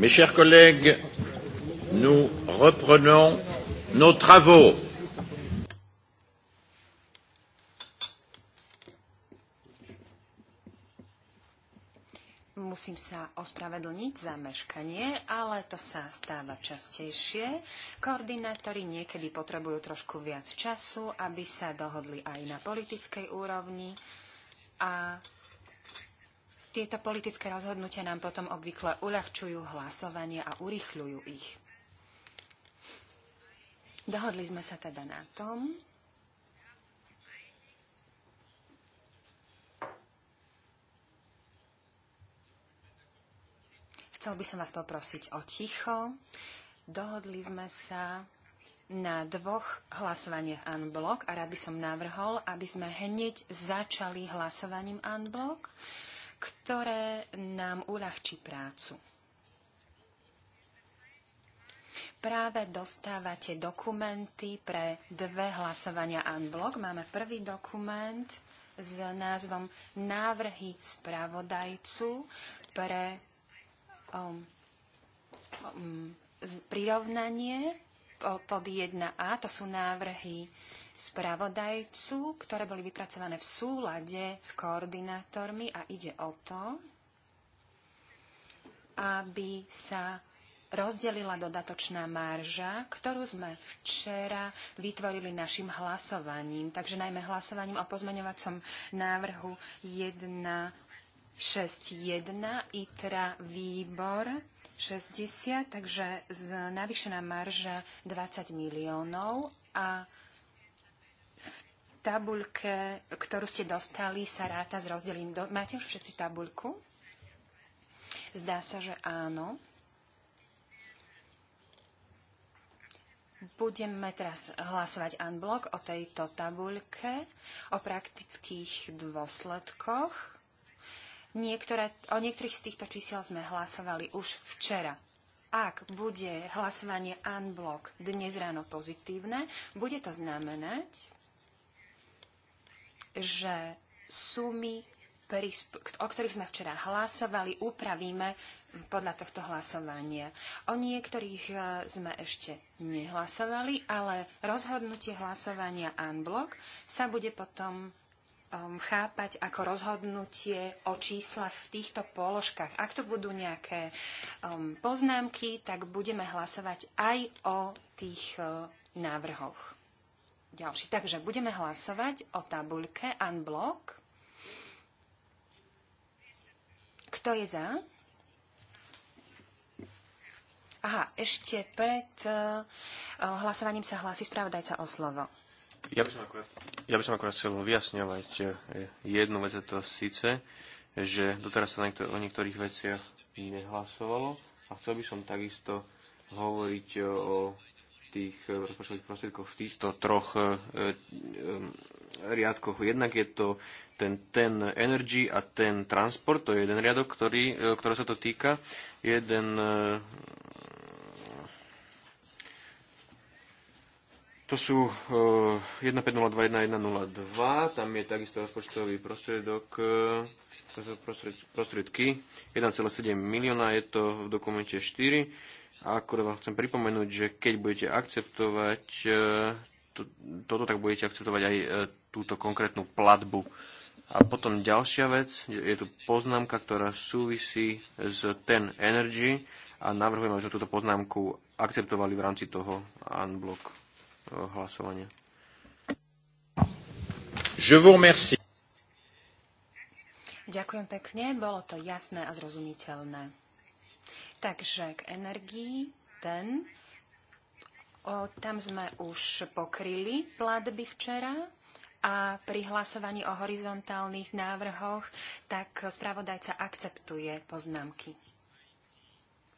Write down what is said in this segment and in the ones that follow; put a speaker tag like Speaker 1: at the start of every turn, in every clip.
Speaker 1: Mes chers collègues, nous reprenons nos travaux.
Speaker 2: Musím sa ospravedlniť za meškanie, ale to sa stáva častejšie. Koordinátori niekedy potrebujú trošku viac času, aby sa dohodli aj na politickej úrovni a tieto politické rozhodnutia nám potom obvykle uľahčujú hlasovanie a urychľujú ich. Dohodli sme sa teda na tom, Chcel by som vás poprosiť o ticho. Dohodli sme sa na dvoch hlasovaniach unblock a rád by som navrhol, aby sme hneď začali hlasovaním unblock ktoré nám uľahčí prácu. Práve dostávate dokumenty pre dve hlasovania unblock. Máme prvý dokument s názvom Návrhy spravodajcu pre um, um, prirovnanie pod 1a. To sú návrhy spravodajcu, ktoré boli vypracované v súlade s koordinátormi a ide o to, aby sa rozdelila dodatočná marža, ktorú sme včera vytvorili našim hlasovaním. Takže najmä hlasovaním o pozmeňovacom návrhu 161 ITRA výbor 60, takže z navýšená marža 20 miliónov a tabuľke, ktorú ste dostali, sa ráta s rozdelím. Do... Máte už všetci tabuľku? Zdá sa, že áno. Budeme teraz hlasovať unblock o tejto tabuľke, o praktických dôsledkoch. Niektoré, o niektorých z týchto čísel sme hlasovali už včera. Ak bude hlasovanie unblock dnes ráno pozitívne, bude to znamenať, že sumy, o ktorých sme včera hlasovali, upravíme podľa tohto hlasovania. O niektorých e, sme ešte nehlasovali, ale rozhodnutie hlasovania unblock sa bude potom um, chápať ako rozhodnutie o číslach v týchto položkách. Ak to budú nejaké um, poznámky, tak budeme hlasovať aj o tých e, návrhoch ďalší. Takže budeme hlasovať o tabuľke unblock. Kto je za? Aha, ešte pred eh, hlasovaním sa hlási spravodajca o slovo. Ja by som akurát,
Speaker 3: ja by som akurát chcel vyjasňovať eh, jednu vec, a to síce, že doteraz sa niektor- o niektorých veciach nehlasovalo a chcel by som takisto hovoriť eh, o tých eh, rozpočtových prostriedkoch v týchto troch eh, eh, riadkoch. Jednak je to ten, ten energy a ten transport, to je jeden riadok, ktorý, ktorý sa to týka. Jeden To sú 1502-1102, tam je takisto rozpočtový prostriedok, prostriedky 1,7 milióna, je to v dokumente 4 a akurát vám chcem pripomenúť, že keď budete akceptovať e, to, toto, tak budete akceptovať aj e, túto konkrétnu platbu. A potom ďalšia vec, je tu poznámka, ktorá súvisí s ten energy a navrhujem, aby sme túto poznámku akceptovali v rámci toho unblock e, hlasovania.
Speaker 1: Je vous remercie.
Speaker 2: Ďakujem pekne, bolo to jasné a zrozumiteľné. Takže k energii ten. O, tam sme už pokryli platby včera a pri hlasovaní o horizontálnych návrhoch tak spravodajca akceptuje poznámky,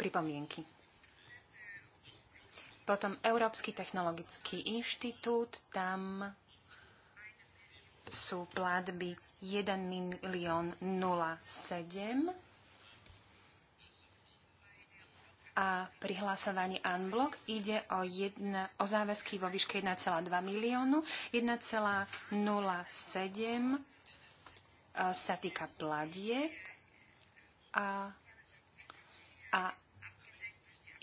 Speaker 2: pripomienky. Potom Európsky technologický inštitút, tam sú platby 1 milión 07 a pri hlasovaní unblock ide o, jedna, o záväzky vo výške 1,2 miliónu. 1,07 e, sa týka pladiek a, a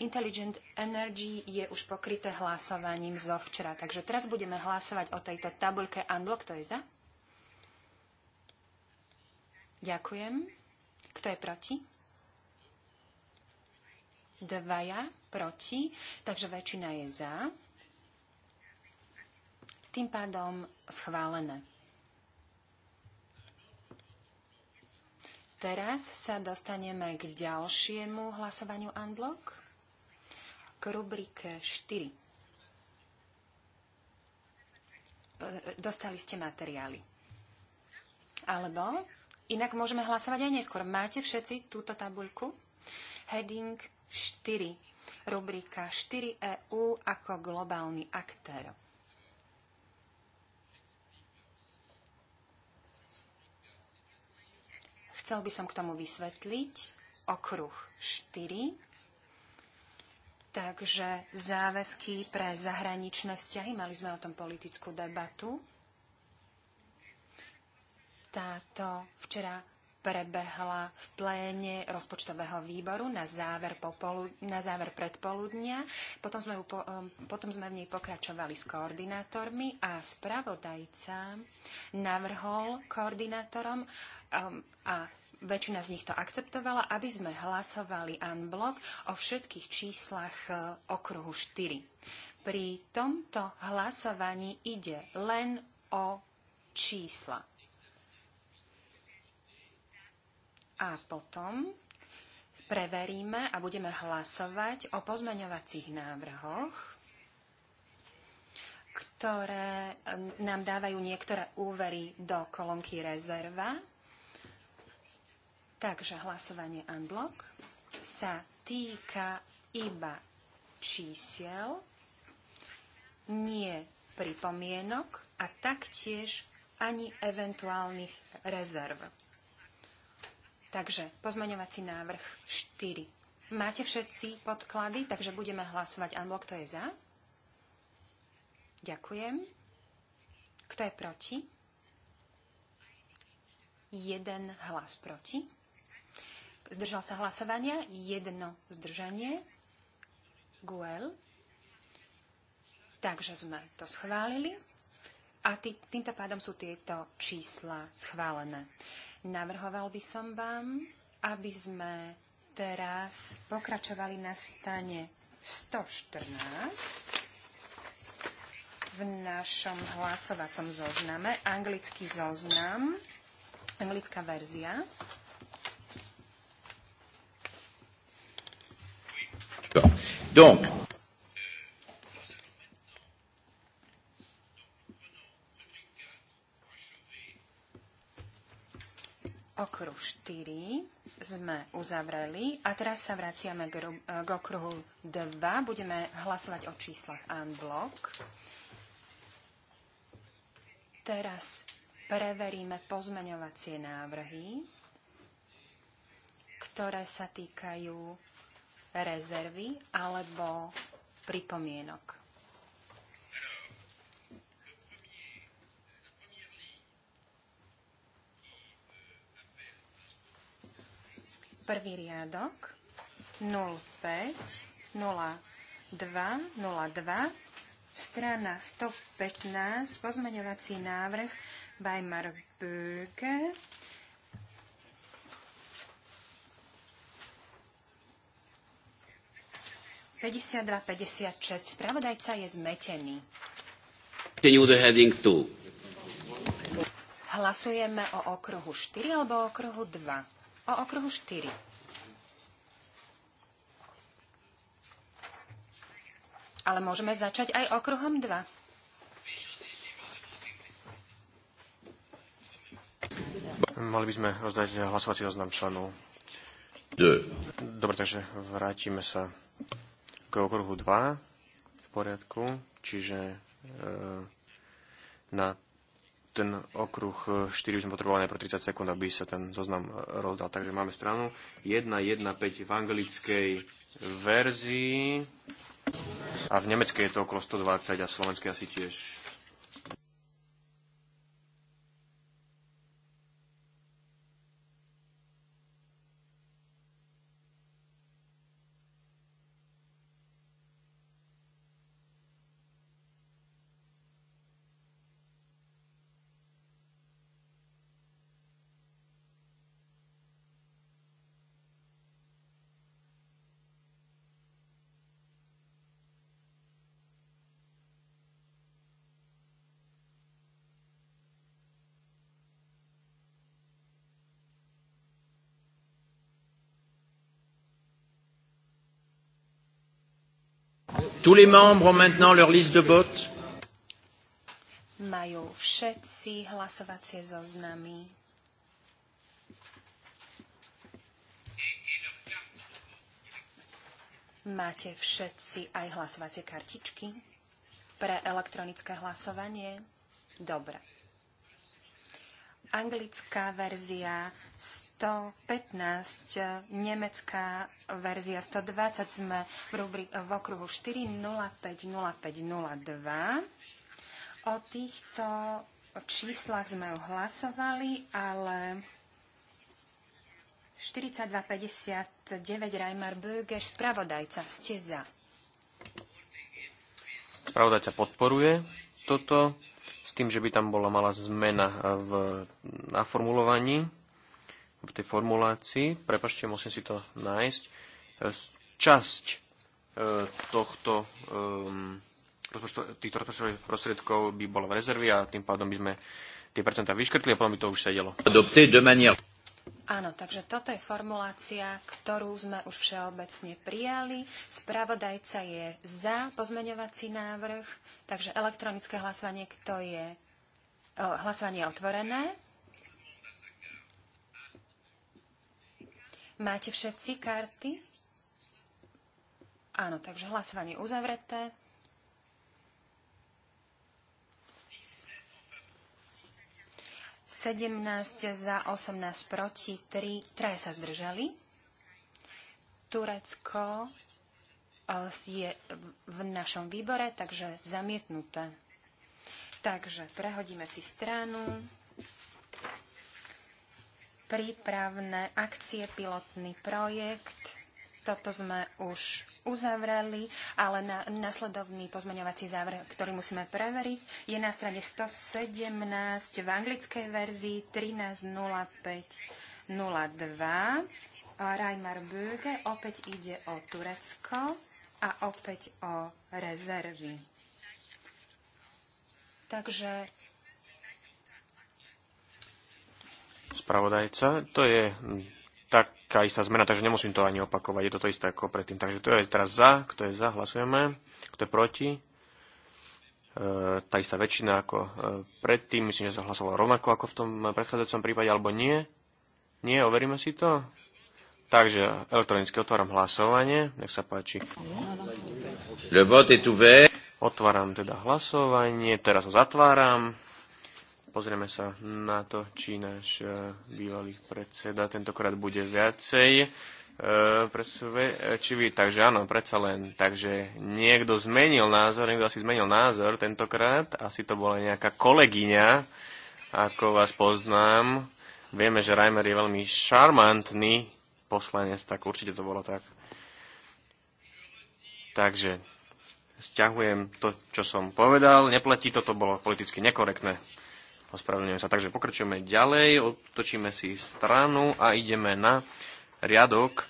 Speaker 2: Intelligent Energy je už pokryté hlasovaním zo včera. Takže teraz budeme hlasovať o tejto tabuľke unblock. Kto je za? Ďakujem. Kto je proti? dvaja proti, takže väčšina je za. Tým pádom schválené. Teraz sa dostaneme k ďalšiemu hlasovaniu unblock, k rubrike 4. E, dostali ste materiály. Alebo inak môžeme hlasovať aj neskôr. Máte všetci túto tabuľku? Heading 4, rubrika 4 EU ako globálny aktér. Chcel by som k tomu vysvetliť okruh 4 Takže záväzky pre zahraničné vzťahy, mali sme o tom politickú debatu. Táto včera prebehla v pléne rozpočtového výboru na záver, popolu, na záver predpoludnia. Potom sme, upo, um, potom sme v nej pokračovali s koordinátormi a spravodajca navrhol koordinátorom um, a väčšina z nich to akceptovala, aby sme hlasovali unblock o všetkých číslach uh, okruhu 4. Pri tomto hlasovaní ide len o čísla a potom preveríme a budeme hlasovať o pozmeňovacích návrhoch, ktoré nám dávajú niektoré úvery do kolónky rezerva. Takže hlasovanie unblock sa týka iba čísiel, nie pripomienok a taktiež ani eventuálnych rezerv. Takže pozmaňovací návrh 4. Máte všetci podklady, takže budeme hlasovať unblock. Kto je za? Ďakujem. Kto je proti? Jeden hlas proti. Zdržal sa hlasovania. Jedno zdržanie. Guel. Takže sme to schválili. A tý, týmto pádom sú tieto čísla schválené. Navrhoval by som vám, aby sme teraz pokračovali na stane 114 v našom hlasovacom zozname, anglický zoznam, anglická verzia. Donc, okruh 4 sme uzavreli a teraz sa vraciame k, k okruhu 2. Budeme hlasovať o číslach en blok. Teraz preveríme pozmeňovacie návrhy, ktoré sa týkajú rezervy alebo pripomienok. prvý riadok 05 02 02 strana 115 pozmeňovací návrh Weimar Böke Spravodajca je zmetený. Hlasujeme o okruhu 4 alebo okruhu 2 o okruhu 4. Ale môžeme začať aj okruhom 2.
Speaker 3: Mali by sme rozdať hlasovací oznam členov. Dobre, takže vrátime sa k okruhu 2 v poriadku, čiže e, na ten okruh 4 e, by sme potrebovali najprv 30 sekúnd, aby sa ten zoznam e, rozdal. Takže máme stranu 1.1.5 v anglickej verzii a v nemeckej je to okolo 120 a v slovenskej asi tiež
Speaker 1: Tous les membres ont maintenant leur liste de vote.
Speaker 2: Majú všetci hlasovacie zoznamy. Máte všetci aj hlasovacie kartičky pre elektronické hlasovanie? Dobre anglická verzia 115, nemecká verzia 120 sme v, rubri, v okruhu 4050502. O týchto číslach sme hlasovali, ale 4259 Reimer Böge, spravodajca, ste za.
Speaker 3: Spravodajca podporuje toto s tým, že by tam bola malá zmena e, v, na formulovaní, v tej formulácii. Prepačte, musím si to nájsť. E, časť e, tohto týchto rozpočtových prostriedkov by bola v rezervi a tým pádom by sme tie percentá vyškrtli a potom by to už sedelo.
Speaker 2: Áno, takže toto je formulácia, ktorú sme už všeobecne prijali. Spravodajca je za pozmeňovací návrh, takže elektronické hlasovanie, kto je o, hlasovanie je otvorené. Máte všetci karty? Áno, takže hlasovanie uzavreté. 17 za, 18 proti, 3, 3 sa zdržali. Turecko e, je v našom výbore, takže zamietnuté. Takže prehodíme si stranu. Prípravné akcie, pilotný projekt. Toto sme už uzavreli, ale na, nasledovný pozmeňovací záver, ktorý musíme preveriť, je na strane 117 v anglickej verzii 13.05.02. Reimar Böge, opäť ide o Turecko a opäť o rezervy. Takže
Speaker 3: spravodajca, to je taká istá zmena, takže nemusím to ani opakovať. Je to to isté ako predtým. Takže to je teraz za, kto je za, hlasujeme. Kto je proti? E, tá istá väčšina ako e, predtým. Myslím, že sa hlasovalo rovnako ako v tom predchádzajúcom prípade, alebo nie. Nie, overíme si to. Takže elektronicky otváram hlasovanie. Nech sa páči. Le vote est ouvert. Otváram teda hlasovanie, teraz ho zatváram. Pozrieme sa na to, či náš e, bývalý predseda tentokrát bude viacej e, e, vy, Takže áno, predsa len. Takže niekto zmenil názor, niekto asi zmenil názor tentokrát. Asi to bola nejaká kolegyňa, ako vás poznám. Vieme, že Reimer je veľmi šarmantný poslanec, tak určite to bolo tak. Takže, stiahujem to, čo som povedal. Neplatí to, to bolo politicky nekorektné. Ospravedlňujem sa. Takže pokračujeme ďalej, otočíme si stranu a ideme na riadok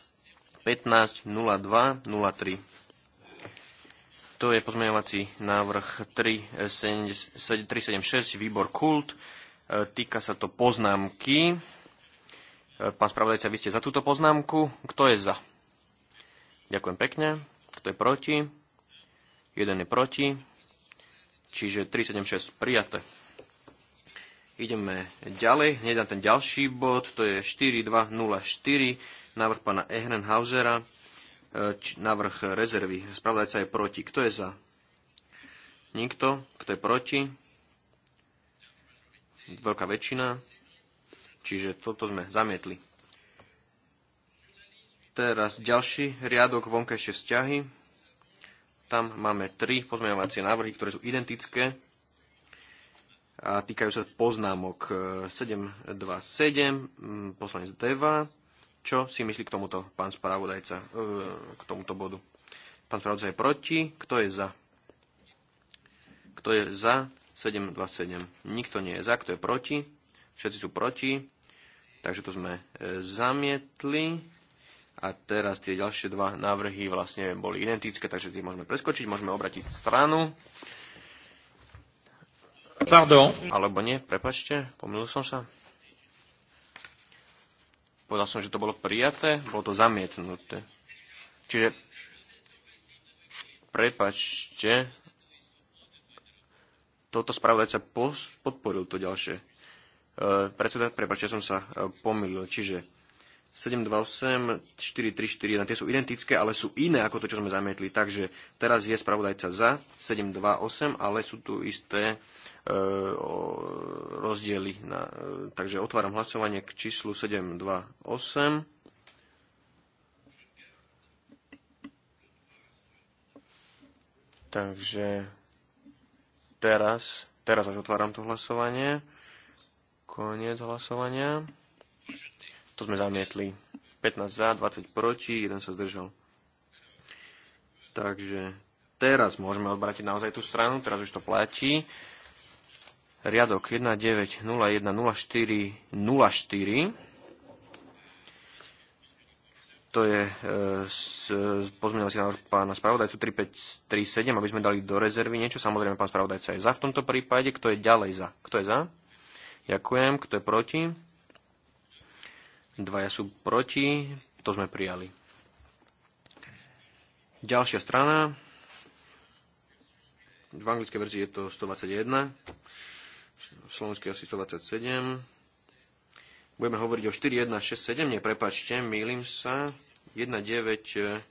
Speaker 3: 15.02.03. To je pozmeňovací návrh 376, výbor kult. E, týka sa to poznámky. E, pán spravodajca, vy ste za túto poznámku. Kto je za? Ďakujem pekne. Kto je proti? Jeden je proti. Čiže 376 prijaté. Ideme ďalej, hneď na ten ďalší bod, to je 4204, návrh pána Ehrenhausera, e, návrh rezervy. Spravodajca je proti. Kto je za? Nikto. Kto je proti? Veľká väčšina. Čiže toto sme zamietli. Teraz ďalší riadok vonkajšie vzťahy. Tam máme tri pozmeňovacie návrhy, ktoré sú identické a týkajú sa poznámok 727, e, mm, poslanec Deva. Čo si myslí k tomuto pán spravodajca, e, k tomuto bodu? Pán spravodajca je proti, kto je za? Kto je za 727? Nikto nie je za, kto je proti? Všetci sú proti, takže to sme e, zamietli. A teraz tie ďalšie dva návrhy vlastne boli identické, takže tie môžeme preskočiť, môžeme obratiť stranu. Pardon. Alebo nie, prepačte, pomýlil som sa. Povedal som, že to bolo prijaté, bolo to zamietnuté. Čiže prepačte, toto spravodajca podporil to ďalšie. E, predseda, prepačte, som sa e, pomýlil. Čiže 728, 434, tie sú identické, ale sú iné ako to, čo sme zamietli. Takže teraz je spravodajca za 728, ale sú tu isté E, rozdiely. Na, e, takže otváram hlasovanie k číslu 728. Takže teraz, teraz až otváram to hlasovanie. Koniec hlasovania. To sme zamietli. 15 za, 20 proti, 1 sa zdržal. Takže teraz môžeme odbratiť naozaj tú stranu, teraz už to platí riadok 19010404, to je e, pozmeňovací návrh pána spravodajcu 3537, aby sme dali do rezervy niečo. Samozrejme, pán spravodajca je za v tomto prípade. Kto je ďalej za? Kto je za? Ďakujem. Kto je proti? Dvaja sú proti. To sme prijali. Ďalšia strana. V anglickej verzii je to 121. Slovenský asi 127. Budeme hovoriť o 4167, nie, prepačte, mýlim sa. 190201.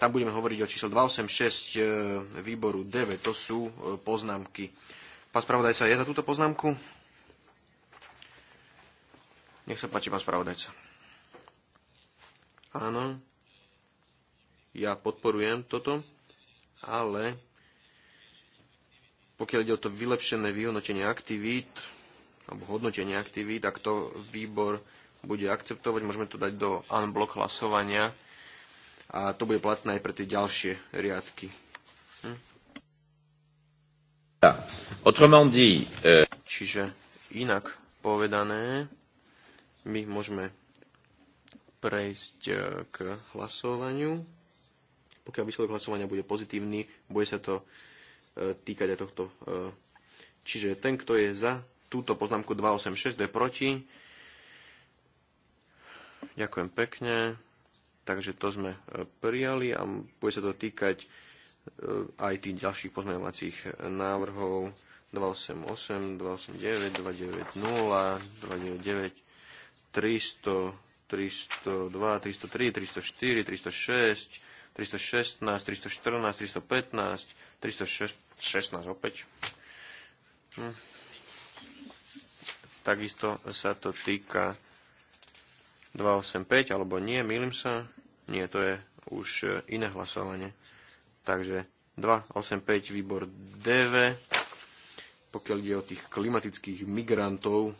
Speaker 3: Tam budeme hovoriť o číslo 286 e, výboru 9, to sú e, poznámky. Pán spravodajca, je za túto poznámku? Nech sa páči, pán spravodajca. Áno, ja podporujem toto, ale pokiaľ ide o to vylepšené vyhodnotenie aktivít, alebo hodnotenie aktivít, ak to výbor bude akceptovať, môžeme to dať do unblock hlasovania a to bude platné aj pre tie ďalšie riadky. Hm?
Speaker 1: Euh,
Speaker 3: Čiže inak povedané, my môžeme prejsť e, k hlasovaniu. Pokiaľ výsledok hlasovania bude pozitívny, bude sa to týkať aj tohto. E, čiže ten, kto je za túto poznámku 286, kto je proti. Ďakujem pekne. Takže to sme e, prijali a bude sa to týkať e, aj tých ďalších pozmeňovacích návrhov 288, 289, 290, 299, 300, 302, 303, 304, 306, 316, 314, 315, 316, 16 opäť. Hm. Takisto sa to týka 285, alebo nie, milím sa. Nie, to je už iné hlasovanie. Takže 285 výbor DV, pokiaľ ide o tých klimatických migrantov,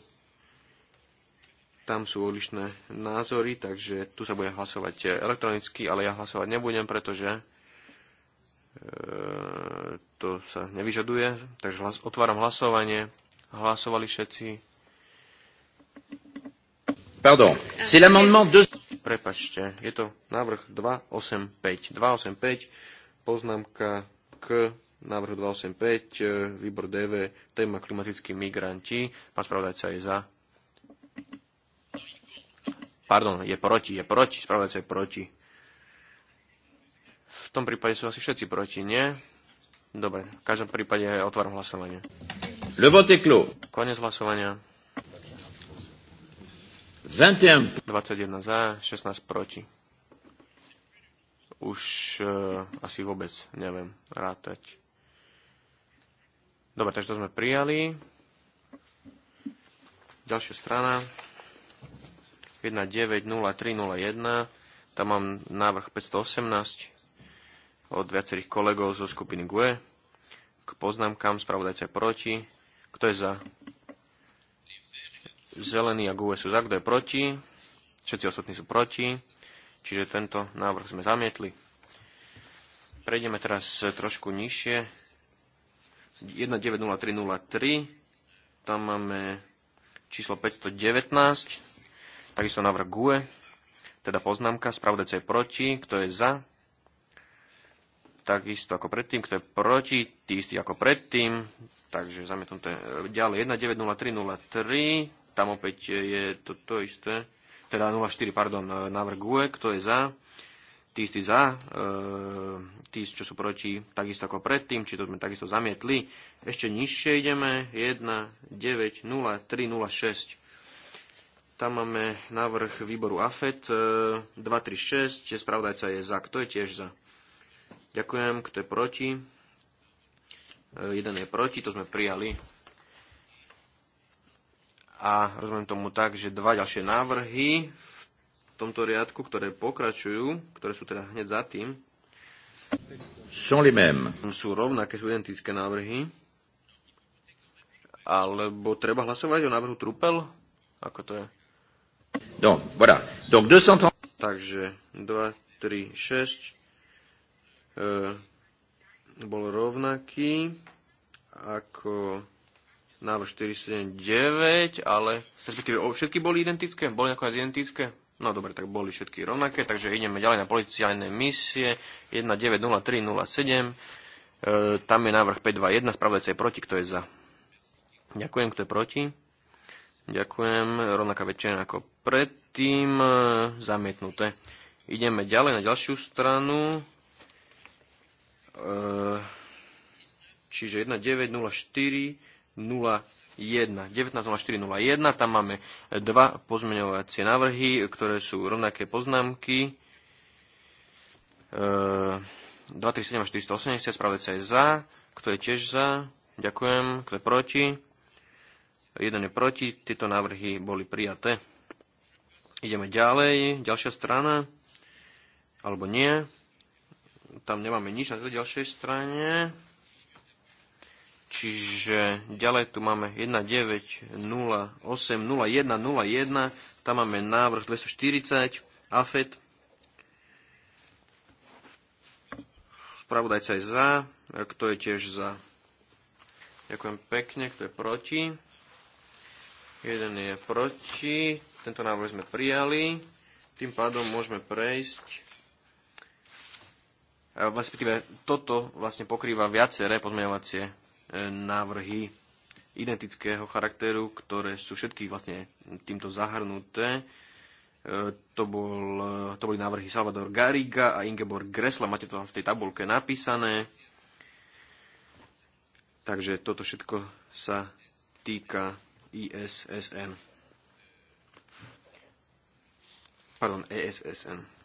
Speaker 3: tam sú odlišné názory, takže tu sa bude hlasovať elektronicky, ale ja hlasovať nebudem, pretože E, to sa nevyžaduje, takže hlas, otváram hlasovanie. Hlasovali všetci. Pardon, c'est l'amendement 2... Prepačte, je to návrh 285. 285, poznámka k návrhu 285, e, výbor DV, téma klimatickí migranti. Pán spravodajca je za. Pardon, je proti, je proti, spravodajca je proti. V tom prípade sú asi všetci proti, nie? Dobre, v každom prípade otváram hlasovanie. Le vote est clos. Konec hlasovania. 21. 21 za, 16 proti. Už uh, asi vôbec neviem rátať. Dobre, takže to sme prijali. Ďalšia strana. 190301. Tam mám návrh 518 od viacerých kolegov zo skupiny GUE k poznámkam spravodajca proti. Kto je za? Zelený a GUE sú za, kto je proti? Všetci ostatní sú proti, čiže tento návrh sme zamietli. Prejdeme teraz trošku nižšie. 190303, tam máme číslo 519, takisto návrh GUE, teda poznámka, spravodajca je proti, kto je za, takisto ako predtým, kto je proti, tí istí ako predtým, takže to ďalej 190303, tam opäť je to, to isté, teda 04, pardon, e, návrh GUE, kto je za, tí istí za, e, tí, čo sú proti, takisto ako predtým, či to sme takisto zamietli. Ešte nižšie ideme, 190306. Tam máme návrh výboru AFET 236, e, spravodajca je za. Kto je tiež za? Ďakujem. Kto je proti? E, jeden je proti, to sme prijali. A rozumiem tomu tak, že dva ďalšie návrhy v tomto riadku, ktoré pokračujú, ktoré sú teda hneď za tým, Sú rovnaké, sú identické návrhy. Alebo treba hlasovať o návrhu Trupel? Ako to je?
Speaker 1: Donc, voilà. Donc
Speaker 3: Takže 2, 3, 6, E, bol rovnaký ako návrh 479, ale respektíve všetky boli identické? Boli nakoniec identické? No dobre, tak boli všetky rovnaké, takže ideme ďalej na policiálne misie 190307. E, tam je návrh 521, sa je proti, kto je za? Ďakujem, kto je proti? Ďakujem, rovnaká väčšina ako predtým, e, zamietnuté. Ideme ďalej na ďalšiu stranu, E, čiže 1904 01, 19.04.01, tam máme dva pozmeňovacie návrhy, ktoré sú rovnaké poznámky. E, 237 a 480, je za, kto je tiež za, ďakujem, kto je proti, jeden je proti, tieto návrhy boli prijaté. Ideme ďalej, ďalšia strana, alebo nie tam nemáme nič na tej ďalšej strane. Čiže ďalej tu máme 1908 1908-0101, tam máme návrh 240, AFET. Spravodajca je za, kto je tiež za. Ďakujem pekne, kto je proti. Jeden je proti, tento návrh sme prijali. Tým pádom môžeme prejsť respektíve toto vlastne pokrýva viaceré pozmeňovacie e, návrhy identického charakteru, ktoré sú všetky vlastne týmto zahrnuté. E, to, bol, e, to boli návrhy Salvador Gariga a Ingeborg Gresla máte to tam v tej tabulke napísané. Takže toto všetko sa týka ISSN. Pardon, ESSN.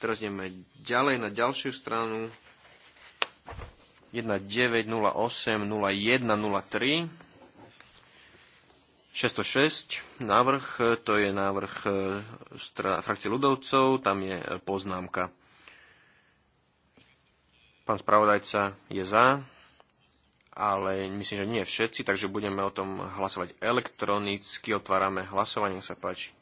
Speaker 3: Teraz ideme ďalej na ďalšiu stranu. 1908 0103 606 návrh, to je návrh e, frakcie ľudovcov, tam je e, poznámka. Pán spravodajca je za, ale myslím, že nie všetci, takže budeme o tom hlasovať elektronicky. Otvárame hlasovanie, sa páči.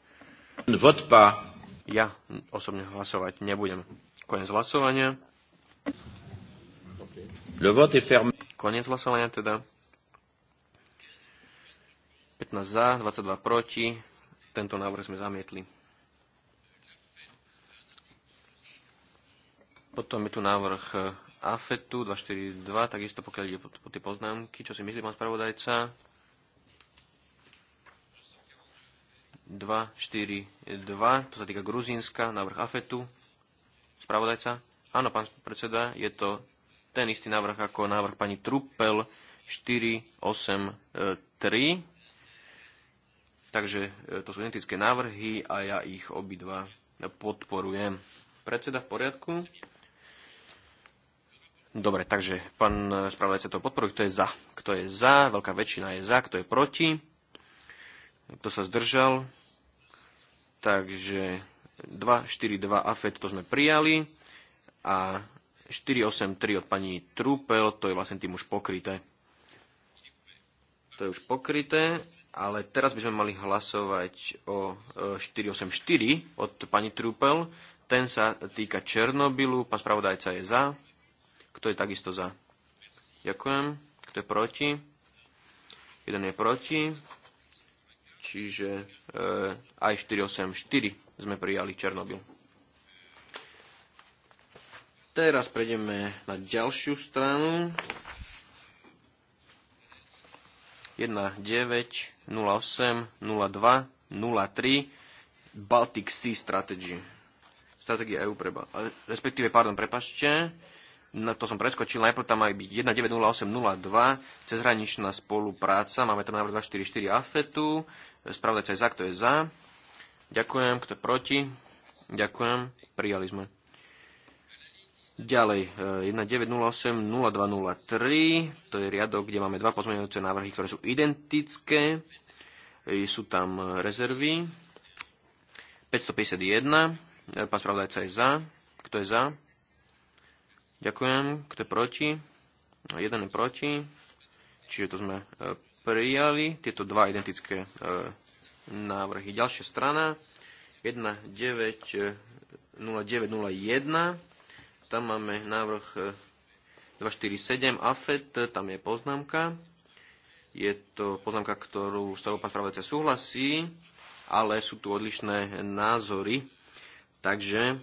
Speaker 3: Vodpa ja osobne hlasovať nebudem. Koniec hlasovania. Le vote est fermé. hlasovania teda. 15 za, 22 proti. Tento návrh sme zamietli. Potom je tu návrh eh, AFETu 242, takisto pokiaľ ide po, po tie poznámky, čo si myslí pán spravodajca. 242, to sa týka Gruzínska, návrh AFETu. Spravodajca? Áno, pán predseda, je to ten istý návrh ako návrh pani Trupel 483. Takže e, to sú identické návrhy a ja ich obidva podporujem. Predseda v poriadku? Dobre, takže pán spravodajca to podporuje. Kto je za? Kto je za? Veľká väčšina je za. Kto je proti? Kto sa zdržal? Takže 2 AFET to sme prijali a 483 od pani Trúpel, to je vlastne tým už pokryté. To je už pokryté, ale teraz by sme mali hlasovať o 484 e, od pani Trúpel. Ten sa týka Černobylu, pán spravodajca je za. Kto je takisto za? Ďakujem. Kto je proti? Jeden je proti čiže e, aj 484 sme prijali Černobyl. Teraz prejdeme na ďalšiu stranu. 1, 9, 08, 02, 03 Baltic Sea Strategy. Strategia EU pre... E, respektíve, pardon, prepačte no, to som preskočil, najprv tam aj byť 190802, cezhraničná spolupráca, máme tam návrh 244 AFETu, sa je za, kto je za. Ďakujem, kto je proti. Ďakujem, prijali sme. Ďalej, 1908-0203, eh, to je riadok, kde máme dva pozmeňujúce návrhy, ktoré sú identické. Eh, sú tam eh, rezervy. 551, pán spravodajca je za. Kto je za? Ďakujem. Kto je proti? No, jeden je proti. Čiže to sme e, prijali. Tieto dva identické e, návrhy. Ďalšia strana. 190901. E, Tam máme návrh 247 AFET. Tam je poznámka. Je to poznámka, ktorú, s ktorou pán spravodajca súhlasí, ale sú tu odlišné názory. Takže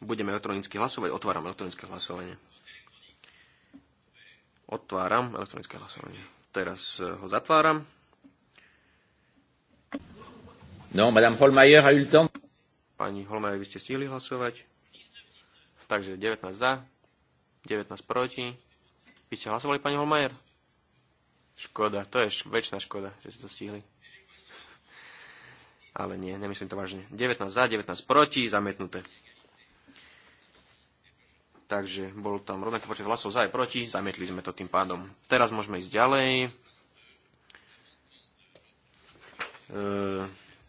Speaker 3: Budeme elektronicky hlasovať. Otváram elektronické hlasovanie. Otváram elektronické hlasovanie. Teraz e, ho zatváram. No, madame Holmeyer a eu Pani Holmeyer, vy ste stihli hlasovať. Takže 19 za, 19 proti. Vy ste hlasovali, pani Holmeyer? Škoda, to je väčšina škoda, že ste to stihli. Ale nie, nemyslím to vážne. 19 za, 19 proti, zamietnuté. Takže bol tam rovnaký počet hlasov za aj proti, zamietli sme to tým pádom. Teraz môžeme ísť ďalej. E,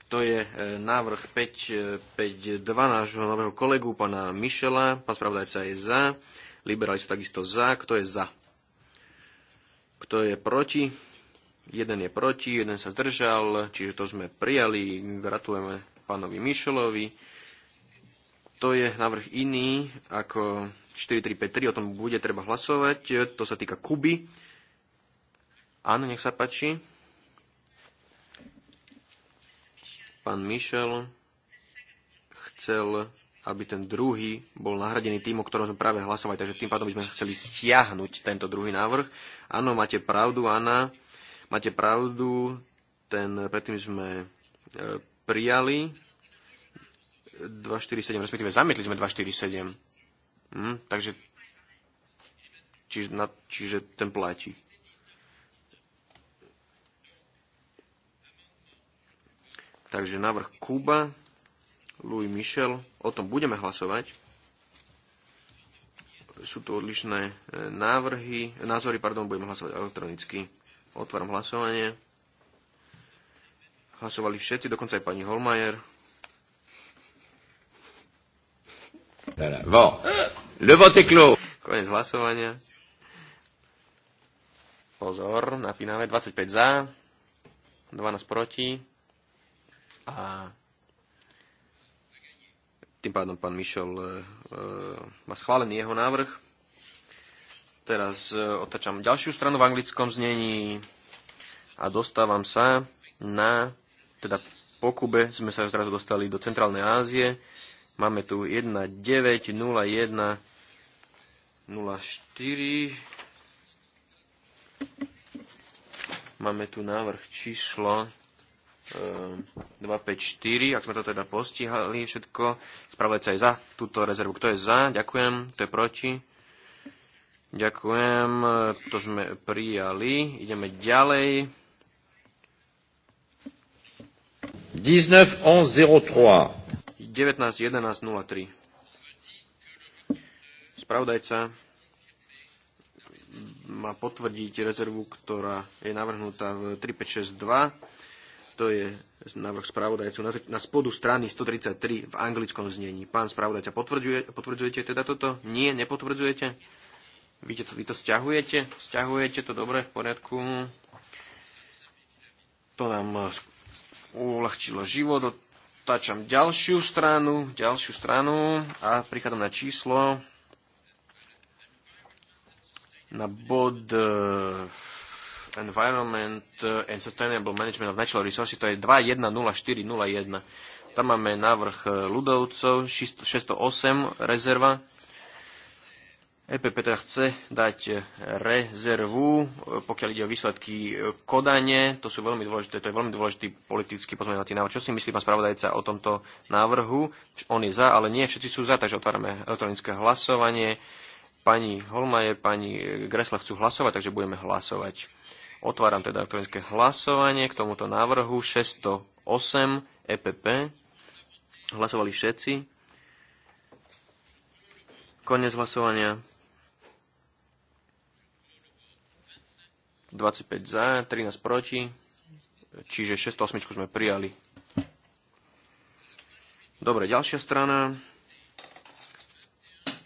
Speaker 3: to je e, návrh 5.2 nášho nového kolegu, pána Mišela. Pán spravodajca je za, liberáli sú takisto za. Kto je za? Kto je proti? Jeden je proti, jeden sa zdržal, čiže to sme prijali. Gratulujeme pánovi Mišelovi. To je návrh iný ako 4353, o tom bude treba hlasovať. E, to sa týka Kuby. Áno, nech sa páči. Pán Mišel chcel, aby ten druhý bol nahradený tým, o ktorom sme práve hlasovali, takže tým pádom by sme chceli stiahnuť tento druhý návrh. Áno, máte pravdu, Anna. Máte pravdu, ten predtým sme e, prijali 247, respektíve zamietli sme 247. Hm, takže čiže, na, čiže ten platí. Takže návrh Kuba, Louis Michel, o tom budeme hlasovať. Sú tu odlišné e, návrhy, názory, pardon, budeme hlasovať elektronicky. Otváram hlasovanie. Hlasovali všetci, dokonca aj pani Holmajer. Le vote est clos. Konec hlasovania. Pozor, napíname 25 za, 12 proti a tým pádom pán Mišel e, e, má schválený jeho návrh. Teraz e, otačam ďalšiu stranu v anglickom znení a dostávam sa na, teda po Kube sme sa zrazu dostali do Centrálnej Ázie Máme tu 190104 Máme tu návrh číslo 254, e, ak sme to teda postihali všetko. Spravodajca je za túto rezervu. Kto je za? Ďakujem. Kto je proti? Ďakujem. To sme prijali. Ideme ďalej.
Speaker 1: 19.11.03
Speaker 3: 19.11.03. Spravodajca má potvrdiť rezervu, ktorá je navrhnutá v 3562. To je návrh spravodajcu na spodu strany 133 v anglickom znení. Pán spravodajca, potvrdzujete teda toto? Nie, nepotvrdzujete? Víte, to, vy to stiahujete? Stiahujete to dobre, v poriadku. To nám uľahčilo život, otáčam ďalšiu stranu, ďalšiu stranu a prichádzam na číslo na bod e, Environment e, and Sustainable Management of Natural Resources, to je 210401. Tam máme návrh e, ľudovcov, 608 rezerva, EPP teda chce dať e, rezervu, e, pokiaľ ide o výsledky e, kodanie. To sú veľmi dôležité, to je veľmi dôležitý politický pozmeňovací návrh. Čo si myslí pán spravodajca o tomto návrhu? On je za, ale nie všetci sú za, takže otvárame elektronické hlasovanie. Pani Holmaje, pani Gresla chcú hlasovať, takže budeme hlasovať. Otváram teda elektronické hlasovanie k tomuto návrhu 608 EPP. Hlasovali všetci. Konec hlasovania. 25 za, 13 proti, čiže 608 sme prijali. Dobre, ďalšia strana.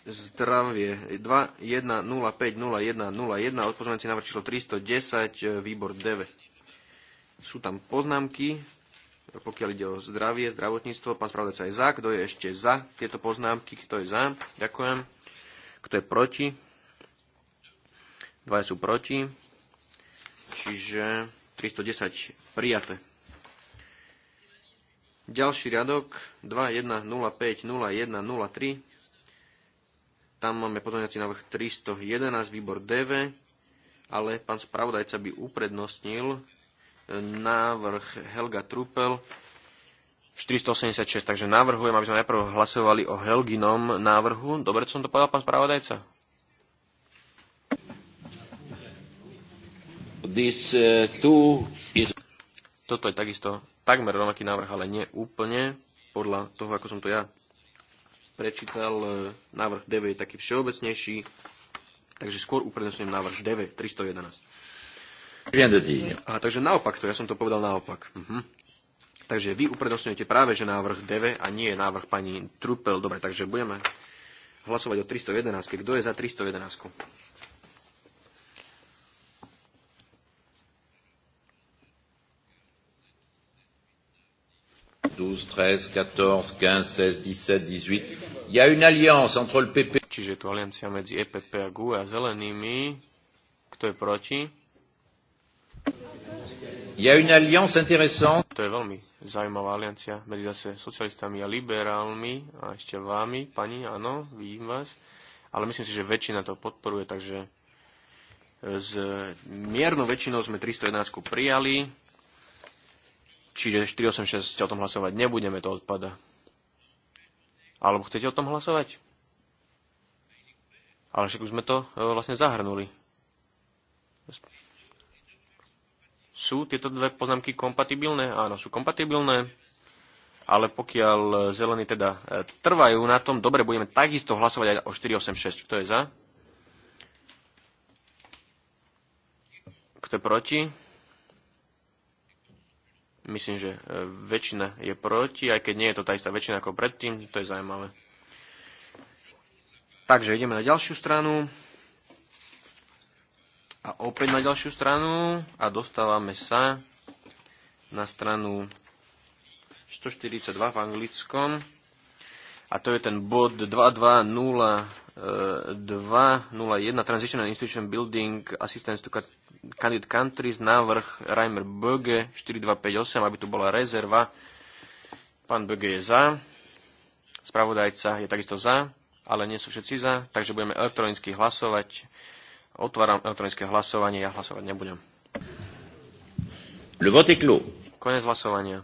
Speaker 3: Zdravie 2, 1, 0, 5, návrh číslo 310, výbor 9. Sú tam poznámky, pokiaľ ide o zdravie, zdravotníctvo. Pán spravodajca je za, kto je ešte za tieto poznámky, kto je za, ďakujem. Kto je proti? Dva sú proti Čiže 310 prijaté. Ďalší riadok 21050103. Tam máme pozorňací návrh 311, výbor DV, ale pán spravodajca by uprednostnil návrh Helga Trupel 486. Takže navrhujem, aby sme najprv hlasovali o Helginom návrhu. Dobre, som to povedal, pán spravodajca? This, uh, is... Toto je takisto takmer rovnaký návrh, ale nie úplne. Podľa toho, ako som to ja prečítal, e, návrh DV je taký všeobecnejší, takže skôr uprednesujem návrh DV 311. A takže naopak to, ja som to povedal naopak. Mhm. Takže vy uprednostňujete práve, že návrh DV a nie návrh pani Trupel. Dobre, takže budeme hlasovať o 311. Kto je za 311?
Speaker 1: 12, 13, 14, 15, 16, 17,
Speaker 3: 18. Il y a une alliance entre le PP... Čiže je tu aliancia medzi EPP a GU a zelenými. Kto je proti? Il y a une alliance intéressante. To je veľmi zaujímavá aliancia medzi zase socialistami a liberálmi a ešte vámi, pani, áno, vidím vás. Ale myslím si, že väčšina to podporuje, takže s miernou väčšinou sme 311 prijali. Čiže 486 o tom hlasovať nebudeme, to odpada. Alebo chcete o tom hlasovať? Ale však už sme to e, vlastne zahrnuli. Sú tieto dve poznámky kompatibilné? Áno, sú kompatibilné. Ale pokiaľ zelení teda e, trvajú na tom, dobre, budeme takisto hlasovať aj o 486. Kto je za? Kto je proti? Myslím, že e, väčšina je proti, aj keď nie je to tá istá väčšina ako predtým, to je zaujímavé. Takže ideme na ďalšiu stranu. A opäť na ďalšiu stranu. A dostávame sa na stranu 142 v anglickom a to je ten bod 220201 Transition and Institution Building Assistance to Candidate Countries, návrh Reimer Böge 4258, aby tu bola rezerva. Pán Böge je za, spravodajca je takisto za, ale nie sú všetci za, takže budeme elektronicky hlasovať. Otváram elektronické hlasovanie, ja hlasovať nebudem. Le vote est clos. Konec hlasovania.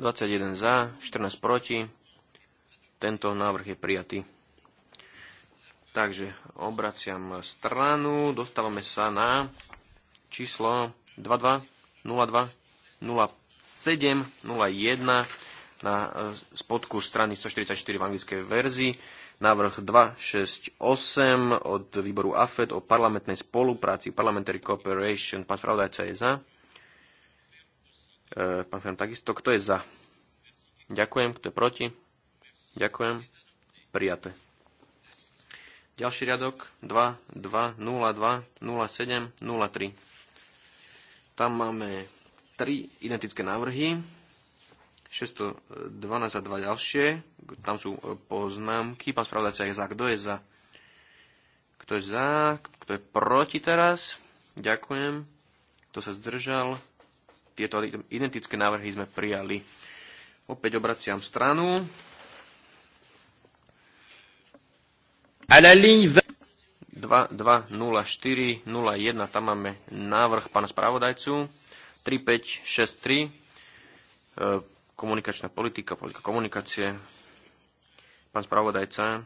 Speaker 3: 21 za, 14 proti. Tento návrh je prijatý. Takže obraciam stranu, dostávame sa na číslo 22 02 07 01 na e, spodku strany 144 v anglickej verzii. Návrh 268 od výboru AFED o parlamentnej spolupráci, Parliamentary Cooperation. Pán spravodajca je za. E, pán Ferm, takisto. Kto je za? Ďakujem. Kto je proti? Ďakujem. Prijaté. Ďalší riadok 2, 2, 0, 2, 0, 7, 0, 3. Tam máme tri identické návrhy. 612 a 2 ďalšie. Tam sú e, poznámky. Pán spravodajca je za. Kto je za? Kto je za? Kto je proti teraz? Ďakujem. Kto sa zdržal? Tieto identické návrhy sme prijali. Opäť obraciam stranu. A la ligne 220401, tam máme návrh pána spravodajcu. 3563, e, komunikačná politika, politika komunikácie. Pán spravodajca,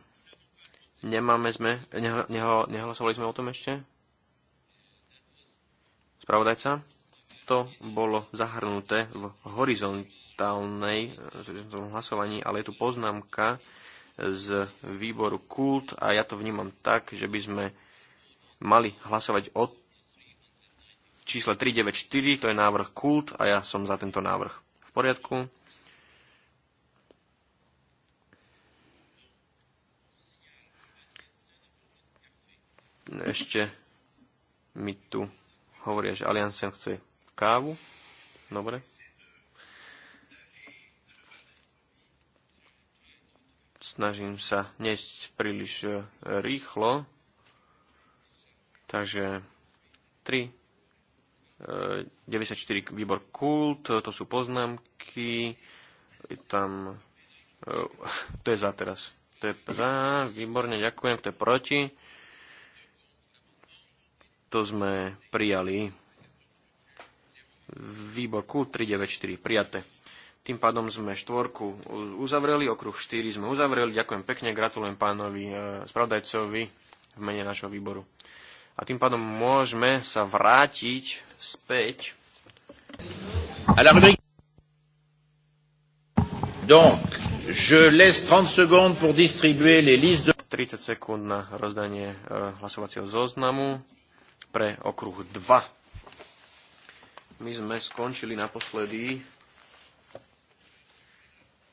Speaker 3: nemáme sme, nehlasovali sme o tom ešte? Spravodajca? to bolo zahrnuté v horizontálnej v eh, hlasovaní, ale je tu poznámka z výboru Kult a ja to vnímam tak, že by sme mali hlasovať o čísle 394, to je návrh Kult a ja som za tento návrh. V poriadku. Ešte mi tu hovoria, že Aliancem chce kávu. Dobre. Snažím sa nesť príliš e, rýchlo. Takže 3, 94 e, výbor kult, e, to sú poznámky, tam, to je za teraz, to je za, výborne, ďakujem, to je proti, to sme prijali výbor KUL 394 prijaté. Tým pádom sme štvorku uzavreli, okruh 4 sme uzavreli. Ďakujem pekne, gratulujem pánovi e, spravdajcovi v mene našho výboru. A tým pádom môžeme sa vrátiť späť. Donc, je laisse 30 secondes pour distribuer les listes de... 30 sekúnd na rozdanie e, hlasovacieho zoznamu pre okruh 2. My sme skončili naposledy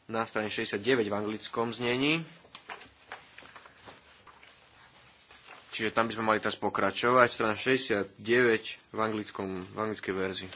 Speaker 3: na strane 69 v anglickom znení. Čiže tam by sme mali teraz pokračovať. Strana 69 v, anglickom, v anglickej verzii.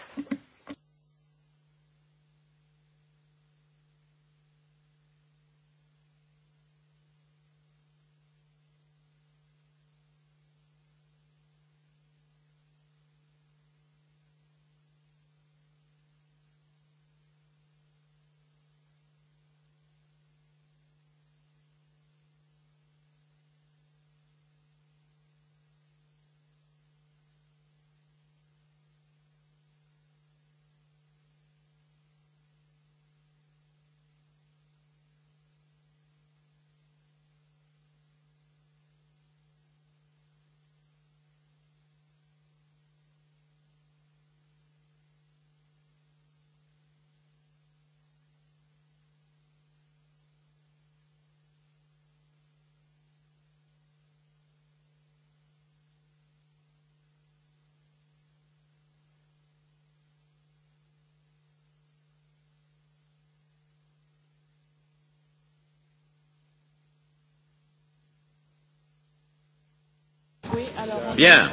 Speaker 2: Bien.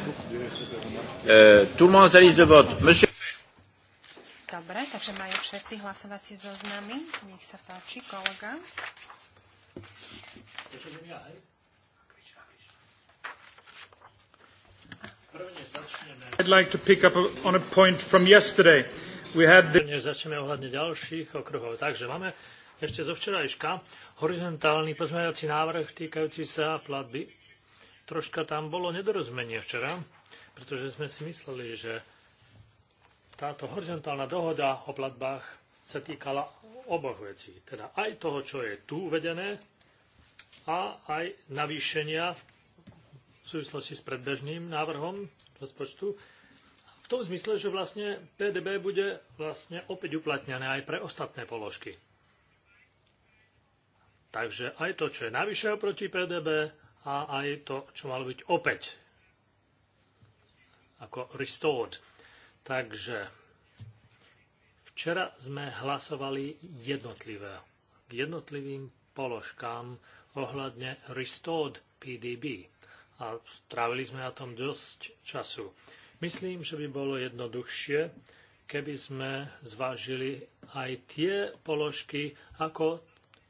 Speaker 1: Euh, tout le monde a sa liste de vote. Monsieur...
Speaker 2: Dobre, takže majú všetci hlasovacie zoznamy. Nech sa páči, kolega.
Speaker 4: I'd like to pick up on a point from yesterday. We had the... Začneme ohľadne ďalších okruhov. Takže máme ešte zo včerajška horizontálny pozmeňovací návrh týkajúci sa platby troška tam bolo nedorozumenie včera, pretože sme si mysleli, že táto horizontálna dohoda o platbách sa týkala oboch vecí. Teda aj toho, čo je tu uvedené, a aj navýšenia v súvislosti s predbežným návrhom rozpočtu. V tom zmysle, že vlastne PDB bude vlastne opäť uplatňané aj pre ostatné položky. Takže aj to, čo je navyše oproti PDB, a aj to, čo malo byť opäť ako restored. Takže včera sme hlasovali jednotlivé k jednotlivým položkám ohľadne restored PDB a strávili sme na tom dosť času. Myslím, že by bolo jednoduchšie, keby sme zvážili aj tie položky ako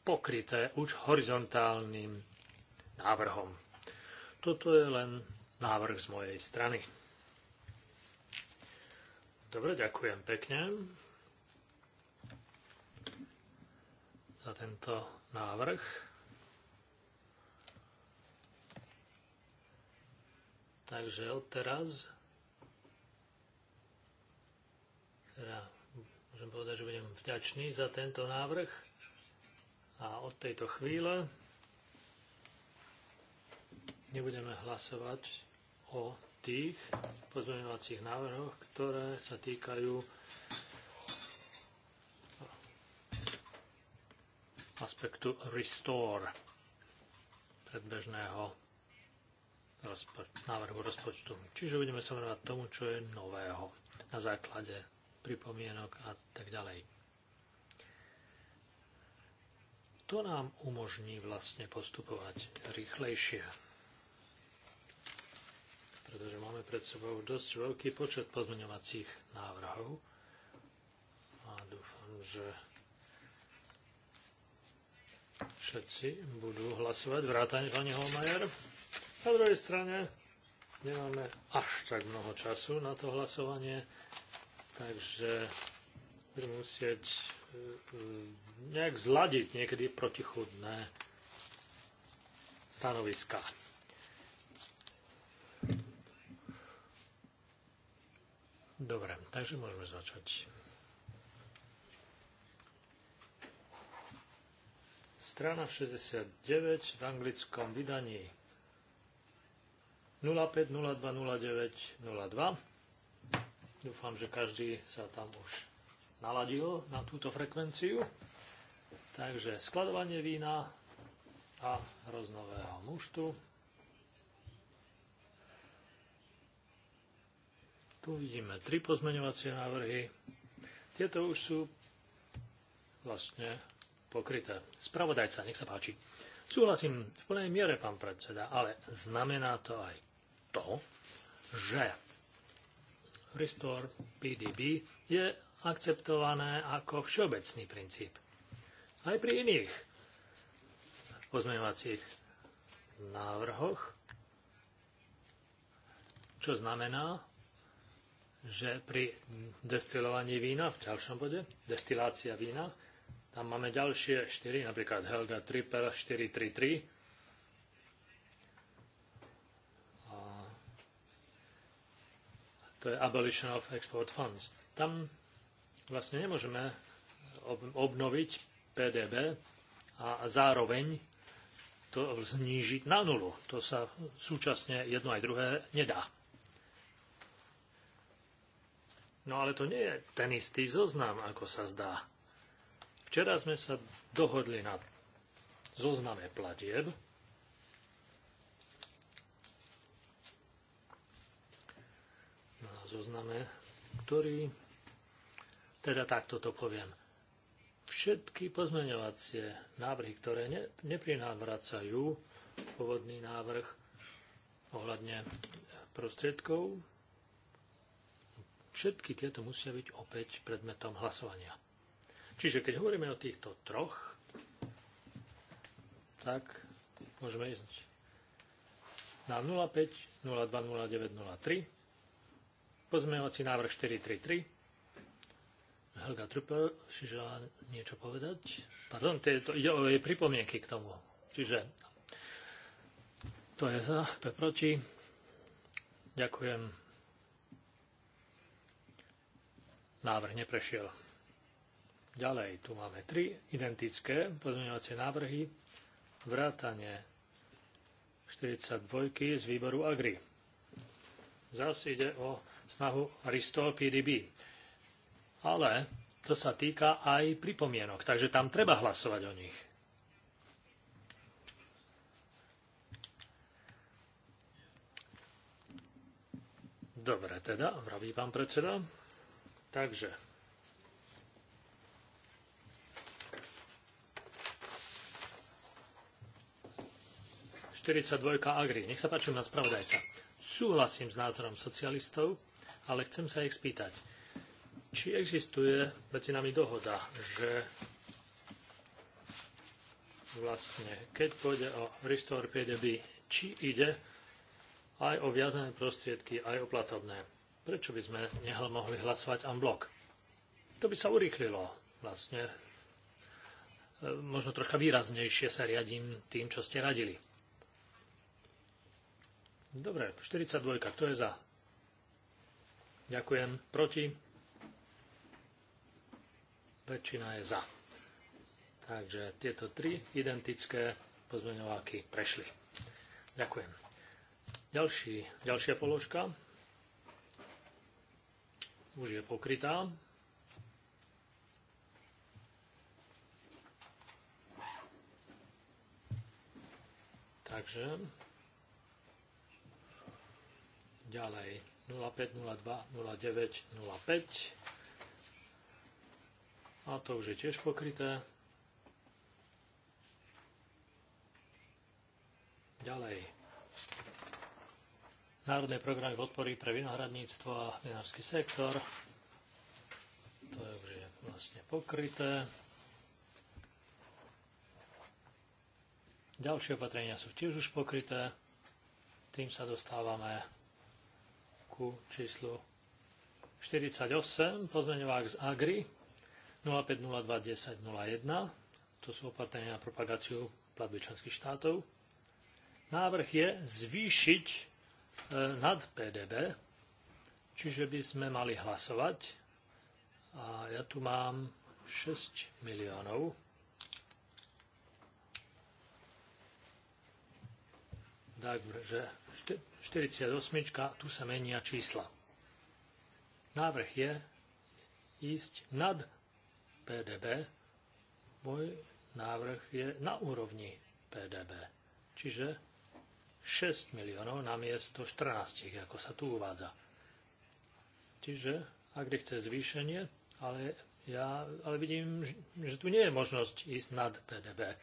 Speaker 4: pokryté už horizontálnym návrhom. Toto je len návrh z mojej strany. Dobre, ďakujem pekne za tento návrh. Takže odteraz teda môžem povedať, že budem vďačný za tento návrh a od tejto chvíle nebudeme hlasovať o tých pozmeňovacích návrhoch, ktoré sa týkajú aspektu restore predbežného rozpoč- návrhu rozpočtu. Čiže budeme sa venovať tomu, čo je nového na základe pripomienok a tak ďalej. To nám umožní vlastne postupovať rýchlejšie pred sebou dosť veľký počet pozmeňovacích návrhov a dúfam, že všetci budú hlasovať vrátane pani Holmajer. Na druhej strane nemáme až tak mnoho času na to hlasovanie, takže budeme musieť eh, nejak zladiť niekedy protichudné stanoviská. Dobre, takže môžeme začať. Strana 69 v anglickom vydaní 05020902. Dúfam, že každý sa tam už naladil na túto frekvenciu. Takže skladovanie vína a hroznového muštu Tu vidíme tri pozmeňovacie návrhy. Tieto už sú vlastne pokryté. Spravodajca, nech sa páči. Súhlasím v plnej miere, pán predseda, ale znamená to aj to, že Restore PDB je akceptované ako všeobecný princíp. Aj pri iných pozmeňovacích návrhoch, čo znamená, že pri destilovaní vína, v ďalšom bode, destilácia vína, tam máme ďalšie 4, napríklad Helga triple 433. A to je Abolition of Export Funds. Tam vlastne nemôžeme obnoviť PDB a zároveň to znížiť na nulu. To sa súčasne jedno aj druhé nedá. No ale to nie je ten istý zoznam, ako sa zdá. Včera sme sa dohodli na zozname platieb. Na zozname, ktorý... Teda takto to poviem. Všetky pozmeňovacie návrhy, ktoré ne, neprinávracajú pôvodný návrh ohľadne prostriedkov, Všetky tieto musia byť opäť predmetom hlasovania. Čiže keď hovoríme o týchto troch, tak môžeme ísť na 05, 02, 09, 03, pozmeňovací návrh 433, Helga si želá niečo povedať? Pardon, to ide o jej pripomienky k tomu. Čiže to je za, to je proti. Ďakujem. Návrh neprešiel. Ďalej tu máme tri identické pozmeňovacie návrhy Vrátanie 42 z výboru Agri. Zas ide o snahu Restore PDB. Ale to sa týka aj pripomienok, takže tam treba hlasovať o nich. Dobre, teda, vraví pán predseda. Takže dvojka Agri. Nech sa páči, na spravodajca. Súhlasím s názorom socialistov, ale chcem sa ich spýtať. Či existuje medzi nami dohoda, že vlastne, keď pôjde o Restore PDB, či ide aj o viazané prostriedky, aj o platobné. Prečo by sme neho mohli hlasovať en blok? To by sa urýchlilo vlastne. E, možno troška výraznejšie sa riadím tým, čo ste radili. Dobre, 42, kto je za? Ďakujem. Proti? Väčšina je za. Takže tieto tri identické pozmeňováky prešli. Ďakujem. Ďalší, ďalšia položka už je pokrytá. Takže ďalej 0905 a to už je tiež pokryté. Ďalej národné programy podpory pre vinohradníctvo a vinársky sektor. To je už vlastne pokryté. Ďalšie opatrenia sú tiež už pokryté. Tým sa dostávame ku číslu 48, pozmeňovák z Agri 0502101. To sú opatrenia na propagáciu platby členských štátov. Návrh je zvýšiť E, nad PDB, čiže by sme mali hlasovať. A ja tu mám 6 miliónov. Takže 48, tu sa menia čísla. Návrh je ísť nad PDB. Môj návrh je na úrovni PDB. Čiže 6 miliónov na miesto 14, ako sa tu uvádza. Čiže Agri chce zvýšenie, ale ja ale vidím, že tu nie je možnosť ísť nad PDB.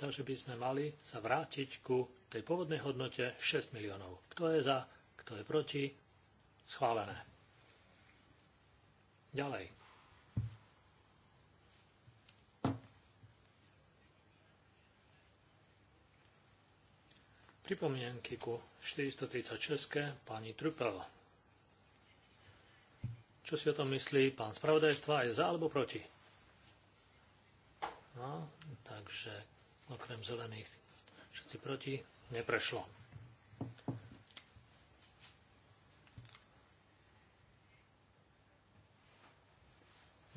Speaker 4: Takže by sme mali sa vrátiť ku tej pôvodnej hodnote 6 miliónov. Kto je za, kto je proti, schválené. Ďalej. pripomienky ku 436 pani Trupel. Čo si o tom myslí pán spravodajstva? Je za alebo proti? No, takže okrem zelených všetci proti neprešlo.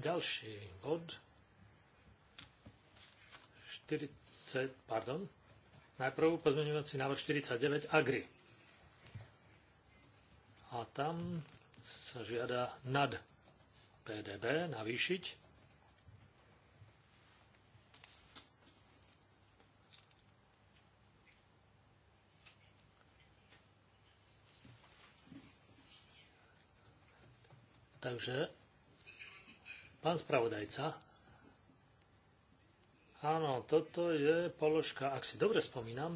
Speaker 4: Ďalší bod 40, pardon, Najprv pozmeňovací návrh 49 Agri. A tam sa žiada nad PDB navýšiť. Takže, pán spravodajca, Áno, toto je položka, ak si dobre spomínam,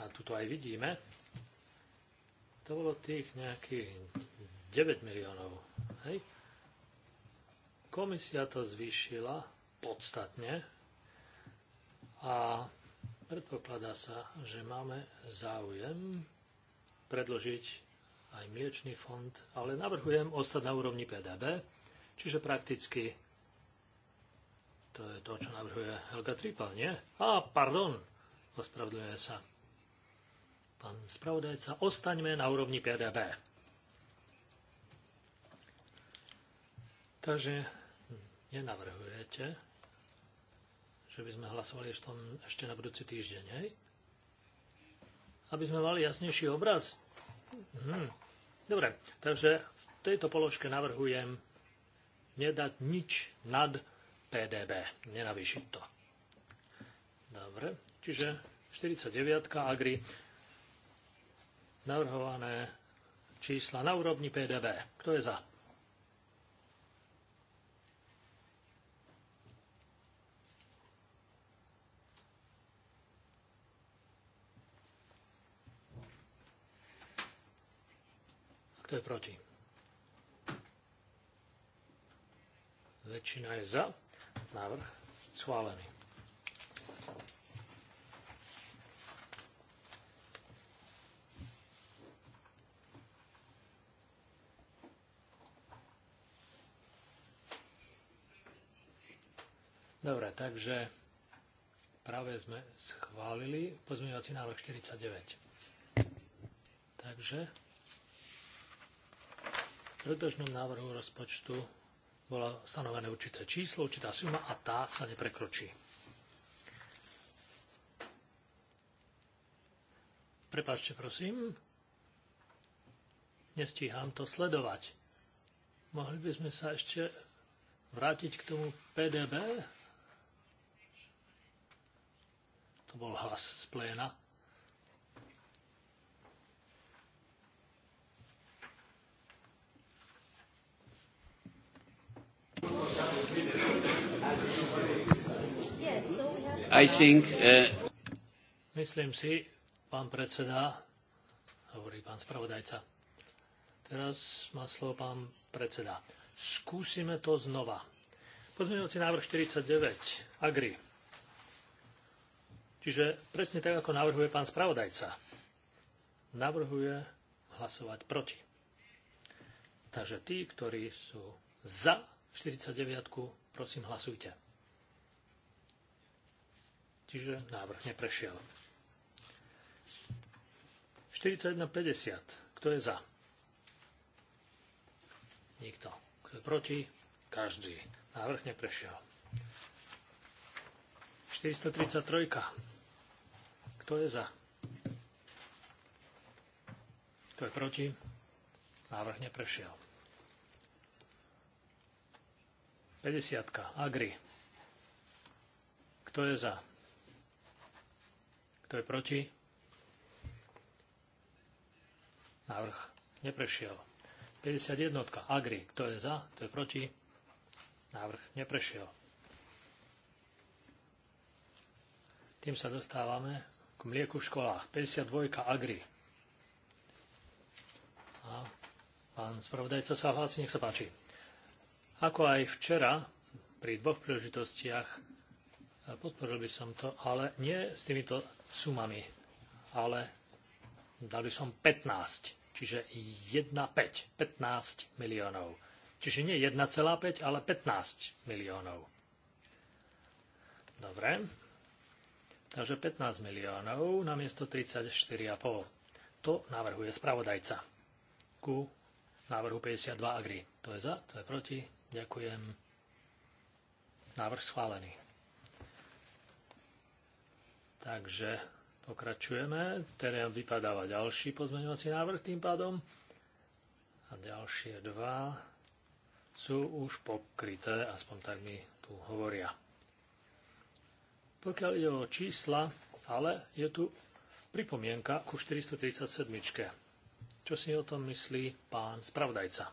Speaker 4: a tu to aj vidíme, to bolo tých nejakých 9 miliónov. Hej? Komisia to zvýšila podstatne a predpokladá sa, že máme záujem predložiť aj mliečný fond, ale navrhujem ostať na úrovni PDB, čiže prakticky to je to, čo navrhuje Helga Tripa, nie? Á, pardon, ospravedlňuje sa. Pán spravodajca, ostaňme na úrovni PDB. Takže nenavrhujete, že by sme hlasovali v tom ešte na budúci týždeň, hej? Aby sme mali jasnejší obraz. Hm. Dobre, takže v tejto položke navrhujem nedať nič nad PDB, nenavýšiť to. Dobre, čiže 49. Agri navrhované čísla na úrovni PDB. Kto je za? Kto je proti? Väčšina je za. Návrh schválený. Dobre, takže práve sme schválili pozmeňovací návrh 49. Takže v predložnom návrhu rozpočtu bola stanovené určité číslo, určitá suma a tá sa neprekročí. Prepačte, prosím. Nestíham to sledovať. Mohli by sme sa ešte vrátiť k tomu PDB? To bol hlas z pléna.
Speaker 1: I think, uh...
Speaker 4: Myslím si, pán predseda, hovorí pán spravodajca. Teraz má slovo pán predseda. Skúsime to znova. Pozmeňujúci návrh 49. Agri. Čiže presne tak, ako navrhuje pán spravodajca. Navrhuje hlasovať proti. Takže tí, ktorí sú za 49. Prosím, hlasujte. Čiže návrh neprešiel. 41.50. Kto je za? Nikto. Kto je proti? Každý. Návrh neprešiel. 433. Kto je za? Kto je proti? Návrh neprešiel. 50. Agri. Kto je za? Kto je proti? Návrh neprešiel. 51. Agri. Kto je za? Kto je proti? Návrh neprešiel. Tým sa dostávame k mlieku v školách. 52. Agri. A pán spravodajca sa hlási, nech sa páči. Ako aj včera, pri dvoch príležitostiach, podporil by som to, ale nie s týmito sumami, ale dal by som 15, čiže 1,5, 15 miliónov. Čiže nie 1,5, ale 15 miliónov. Dobre. Takže 15 miliónov na miesto 34,5. To navrhuje spravodajca. Ku návrhu 52 agri. To je za, to je proti, Ďakujem. Návrh schválený. Takže pokračujeme. Terén vypadáva ďalší pozmeňovací návrh tým pádom. A ďalšie dva sú už pokryté, aspoň tak mi tu hovoria. Pokiaľ ide o čísla, ale je tu pripomienka ku 437. Čo si o tom myslí pán spravdajca.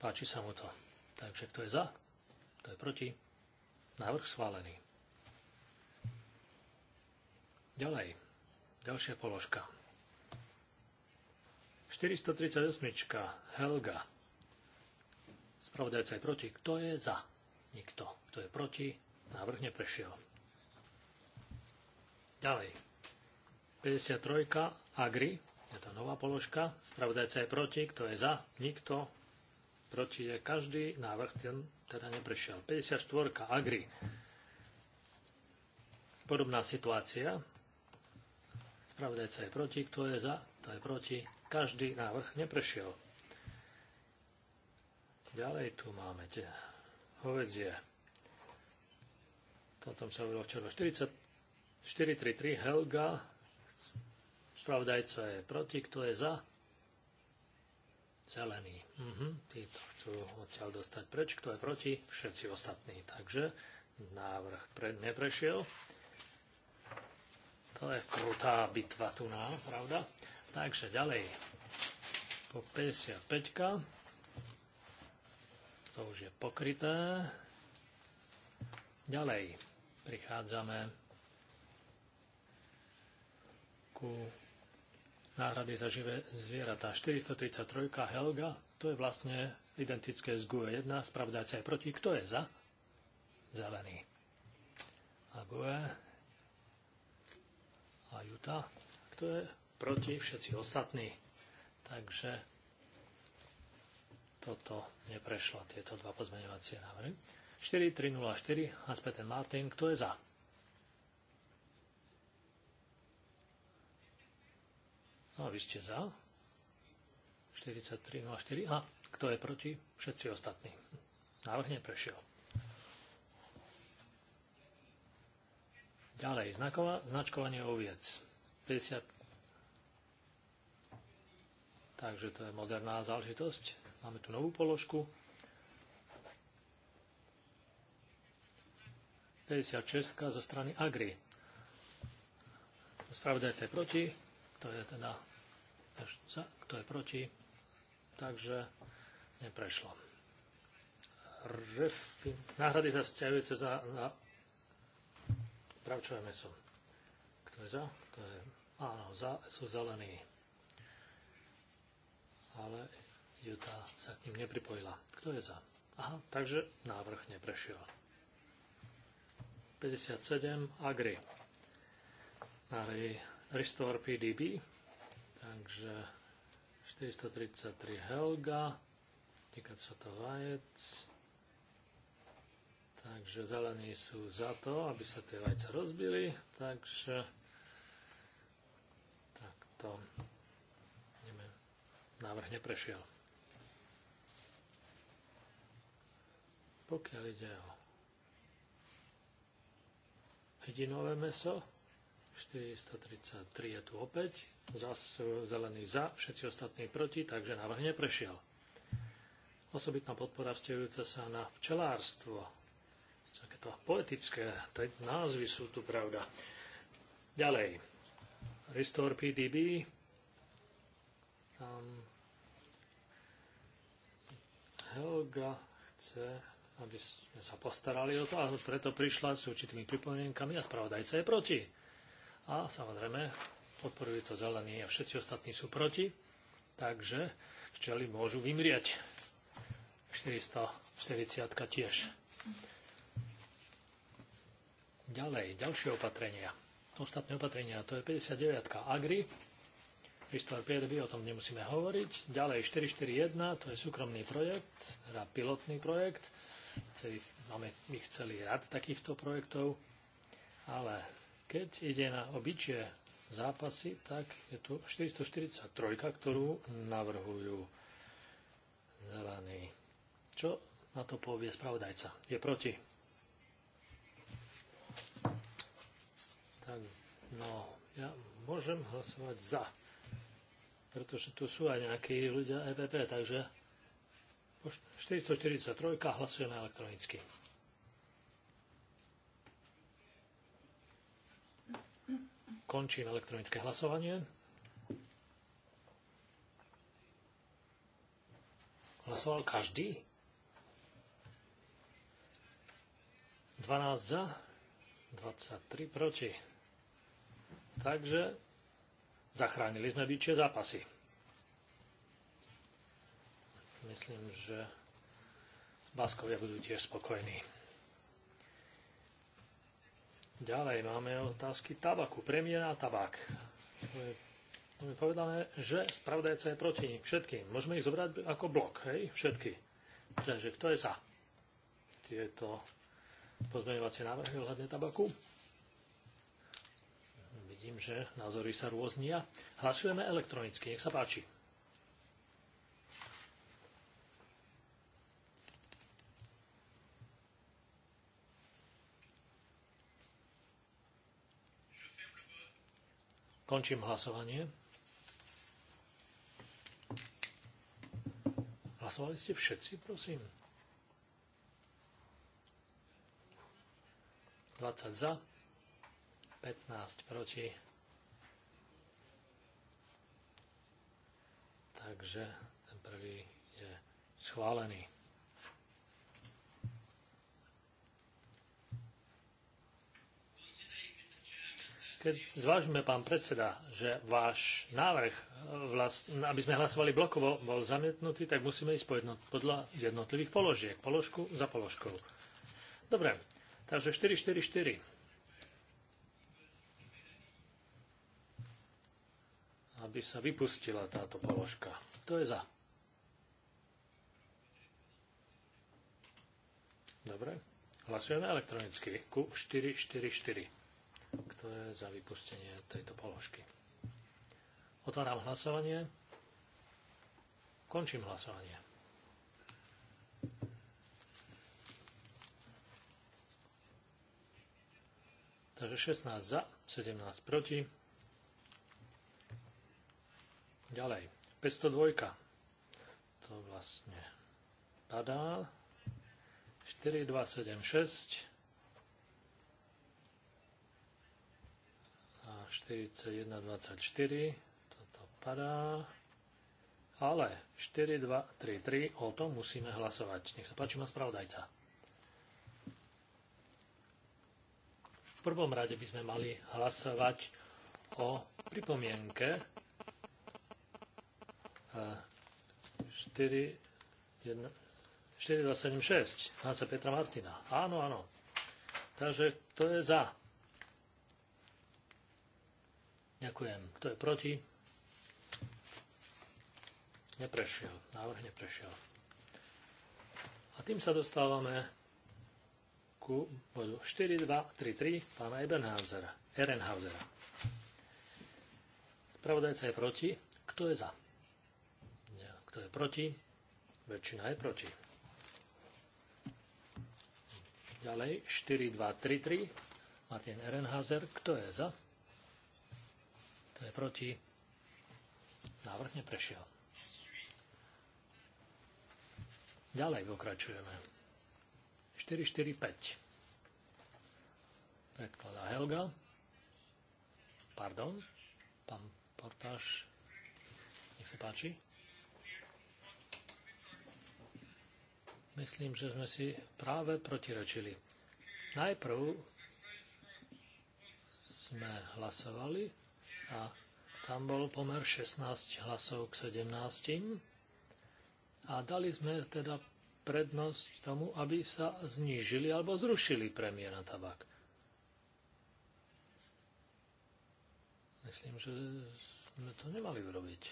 Speaker 4: Páči sa mu to. Takže kto je za? Kto je proti? Návrh schválený. Ďalej. Ďalšia položka. 438. Helga. Spravodajca je proti. Kto je za? Nikto. Kto je proti? Návrh neprešiel. Ďalej. 53. Agri. Je to nová položka. Spravodajca je proti. Kto je za? Nikto proti je každý návrh, ten teda neprešiel. 54. Agri. Podobná situácia. Spravodajca je proti, kto je za, to je proti. Každý návrh neprešiel. Ďalej tu máme tie hovedzie. O sa hovorilo včera. 433 Helga. Spravodajca je proti, kto je za, zelení. Mhm, títo chcú odtiaľ dostať preč, kto je proti, všetci ostatní. Takže návrh pre, neprešiel. To je krutá bitva tu na, pravda? Takže ďalej. Po 55. To už je pokryté. Ďalej prichádzame ku náhrady za živé zvieratá. 433 Helga, to je vlastne identické z GUE 1, spravodajca je proti. Kto je za? Zelený. A GUE a Juta, kto je proti? Všetci ostatní. Takže toto neprešlo, tieto dva pozmeňovacie návrhy. 4304 Hans Peter Martin, kto je za? A no, vy ste za. 43.04. A kto je proti? Všetci ostatní. Návrh neprešiel. Ďalej, znakova, značkovanie oviec. 50. Takže to je moderná záležitosť. Máme tu novú položku. 56 zo strany Agri. Spravodajca je proti, to je teda za, kto je proti, takže neprešlo. Ref, náhrady za vzťahujúce za, za pravčové meso. Kto je za? Kto je, áno, za, sú zelení. Ale Juta sa k ním nepripojila. Kto je za? Aha, takže návrh neprešiel. 57 Agri. Agri Restore PDB. Takže 433 Helga, týkať sa to vajec. Takže zelení sú za to, aby sa tie vajce rozbili, takže takto Ideme. návrh neprešiel. Pokiaľ ide o hydinové meso, 433 je tu opäť. Zas zelený za, všetci ostatní proti, takže návrh neprešiel. Osobitná podpora vzťahujúca sa na včelárstvo. Takéto poetické názvy sú tu pravda. Ďalej. Restore PDB. Tam Helga chce aby sme sa postarali o to a preto prišla s určitými pripomienkami a spravodajca je proti a samozrejme podporujú to zelení a všetci ostatní sú proti, takže včely môžu vymrieť. 440 tiež. Ďalej, ďalšie opatrenia. Ostatné opatrenia, to je 59 Agri, prístroj Pierby, o tom nemusíme hovoriť. Ďalej 441, to je súkromný projekt, teda pilotný projekt. Chceli, máme ich celý rad takýchto projektov, ale keď ide na obyčie zápasy, tak je tu 443, ktorú navrhujú zelení. Čo na to povie spravodajca? Je proti. Tak, no, ja môžem hlasovať za. Pretože tu sú aj nejakí ľudia EPP, takže 443 hlasujeme elektronicky. Končím elektronické hlasovanie. Hlasoval každý? 12 za, 23 proti. Takže zachránili sme byčie zápasy. Myslím, že Baskovia budú tiež spokojní. Ďalej máme otázky tabaku. Premiéra tabak. Je povedané, že spravodajca je proti všetkým. Môžeme ich zobrať ako blok, hej? Všetky. Takže kto je za tieto pozmeňovacie návrhy ohľadne tabaku? Vidím, že názory sa rôznia. Hlasujeme elektronicky, nech sa páči. Končím hlasovanie. Hlasovali ste všetci, prosím. 20 za, 15 proti. Takže ten prvý je schválený. keď zvážime, pán predseda, že váš návrh, eh, vlast, aby sme hlasovali blokovo, bol zamietnutý, tak musíme ísť podľa podľa jednotlivých položiek, položku za položkou. Dobre, takže 444. Aby sa vypustila táto položka. To je za. Dobre, hlasujeme elektronicky ku 444. Kto za vypustenie tejto položky? Otváram hlasovanie. Končím hlasovanie. Takže 16 za, 17 proti. Ďalej. 502. To vlastne padá. 4, 2, 7, 6. 4124, toto padá. Ale 3 o tom musíme hlasovať. Nech sa páči, ma spravodajca. V prvom rade by sme mali hlasovať o pripomienke 4276 eh, Hansa Petra Martina. Áno, áno. Takže to je za. Ďakujem. Kto je proti? Neprešiel. Návrh neprešiel. A tým sa dostávame ku bodu 3 pána Ebenhausera. Ehrenhausera. Spravodajca je proti. Kto je za? Kto je proti? Väčšina je proti. Ďalej 3. Martin Ehrenhauser. Kto je za? Kto je proti? Návrh neprešiel. Ďalej pokračujeme. 445. Predkladá Helga. Pardon. Pán Portáš. Nech sa páči. Myslím, že sme si práve protirečili. Najprv sme hlasovali a tam bol pomer 16 hlasov k 17. A dali sme teda prednosť tomu, aby sa znížili alebo zrušili premie na tabak. Myslím, že sme to nemali urobiť.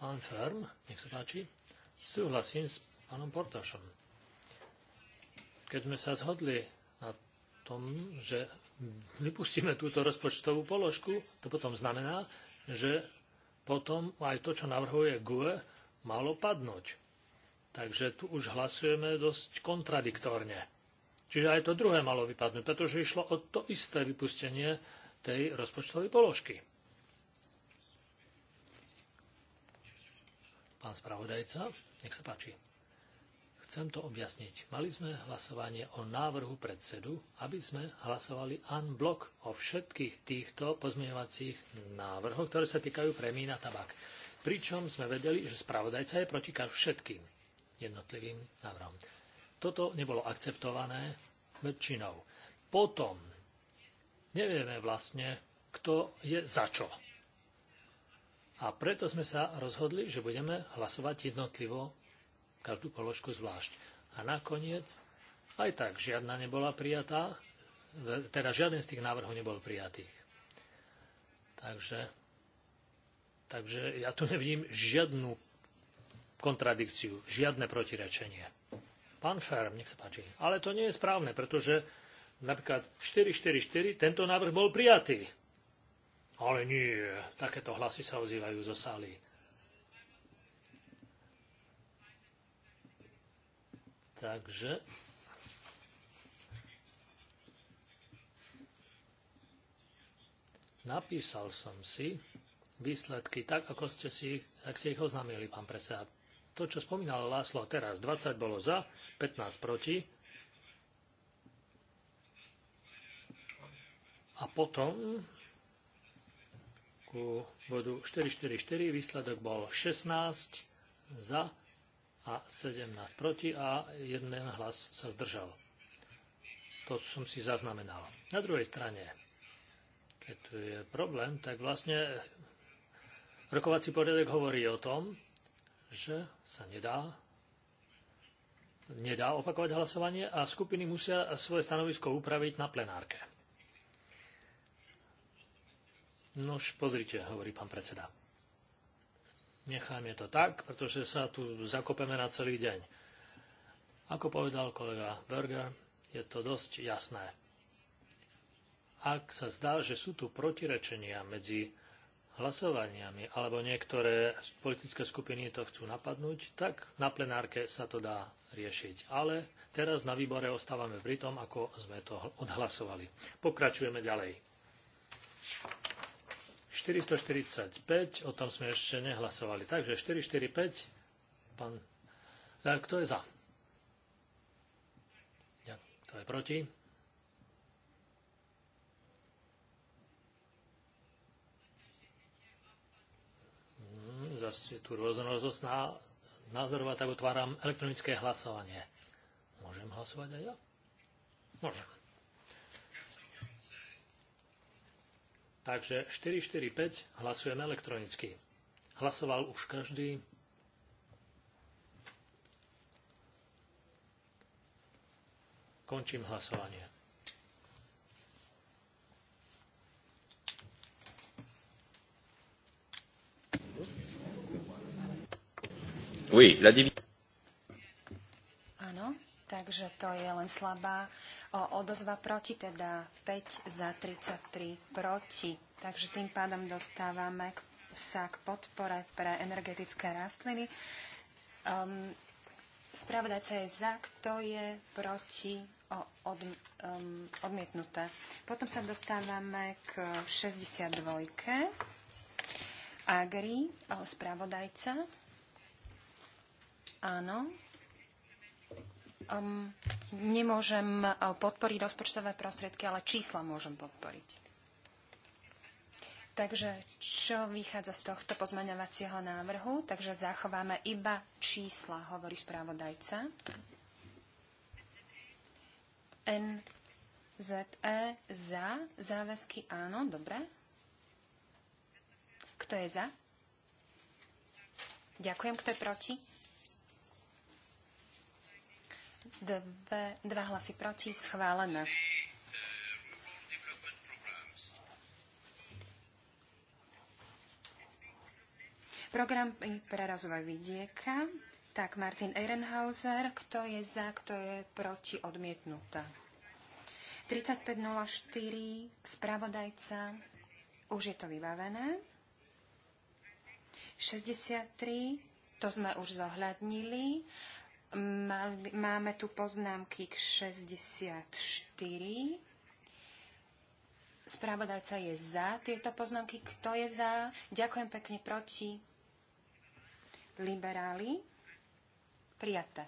Speaker 4: Pán Ferm, nech sa páči. Súhlasím s pánom Portašom. Keď sme sa zhodli tom, že vypustíme túto rozpočtovú položku, to potom znamená, že potom aj to, čo navrhuje GUE, malo padnúť. Takže tu už hlasujeme dosť kontradiktorne. Čiže aj to druhé malo vypadnúť, pretože išlo o to isté vypustenie tej rozpočtovej položky. Pán spravodajca, nech sa páči. Chcem to objasniť. Mali sme hlasovanie o návrhu predsedu, aby sme hlasovali blok o všetkých týchto pozmeňovacích návrhoch, ktoré sa týkajú premína na tabak. Pričom sme vedeli, že spravodajca je proti všetkým jednotlivým návrhom. Toto nebolo akceptované väčšinou. Potom nevieme vlastne, kto je za čo. A preto sme sa rozhodli, že budeme hlasovať jednotlivo každú položku zvlášť. A nakoniec aj tak žiadna nebola prijatá, teda žiaden z tých návrhov nebol prijatých. Takže, takže ja tu nevidím žiadnu kontradikciu, žiadne protirečenie. Pán Ferm, nech sa páči. Ale to nie je správne, pretože napríklad 444 tento návrh bol prijatý. Ale nie, takéto hlasy sa ozývajú zo sály. Takže napísal som si výsledky tak, ako ste si, ak ste ich oznámili, pán predseda. To, čo spomínal Láslo teraz, 20 bolo za, 15 proti. A potom ku bodu 444 výsledok bol 16 za, a 17 proti a jeden hlas sa zdržal. To som si zaznamenal. Na druhej strane, keď tu je problém, tak vlastne rokovací poriadok hovorí o tom, že sa nedá nedá opakovať hlasovanie a skupiny musia svoje stanovisko upraviť na plenárke. Nož, pozrite, hovorí pán predseda. Necháme to tak, pretože sa tu zakopeme na celý deň. Ako povedal kolega Berger, je to dosť jasné. Ak sa zdá, že sú tu protirečenia medzi hlasovaniami, alebo niektoré politické skupiny to chcú napadnúť, tak na plenárke sa to dá riešiť. Ale teraz na výbore ostávame pri tom, ako sme to odhlasovali. Pokračujeme ďalej. 445, o tom sme ešte nehlasovali. Takže 445, pán... Kto je za? Kto je proti? Hm, Zase tu rôznorodosť názorová, tak otváram elektronické hlasovanie. Môžem hlasovať aj ja? Môžem. Takže 445 hlasujeme elektronicky. Hlasoval už každý. Končím hlasovanie.
Speaker 1: Oui, la divi-
Speaker 2: Áno, Takže to je len slabá o, odozva proti, teda 5 za 33 proti. Takže tým pádom dostávame k, sa k podpore pre energetické rastliny. Um, Spravodajca je za, kto je proti o, od, um, odmietnuté. Potom sa dostávame k 62. Agri, spravodajca. Áno, um, nemôžem eh, podporiť rozpočtové prostriedky, ale čísla môžem podporiť. Takže čo vychádza z tohto pozmeňovacieho návrhu? Takže zachováme iba čísla, hovorí správodajca. NZE za, záväzky áno, dobre. Kto je za? Ďakujem, kto je proti? dve, dva hlasy proti, schválené. Program pre rozvoj vidieka. Tak, Martin Ehrenhauser, kto je za, kto je proti, odmietnutá. 3504, spravodajca, už je to vybavené. 63, to sme už zohľadnili. Mali, máme tu poznámky k 64. Správodajca je za tieto poznámky. Kto je za? Ďakujem pekne proti. Liberáli. Prijaté.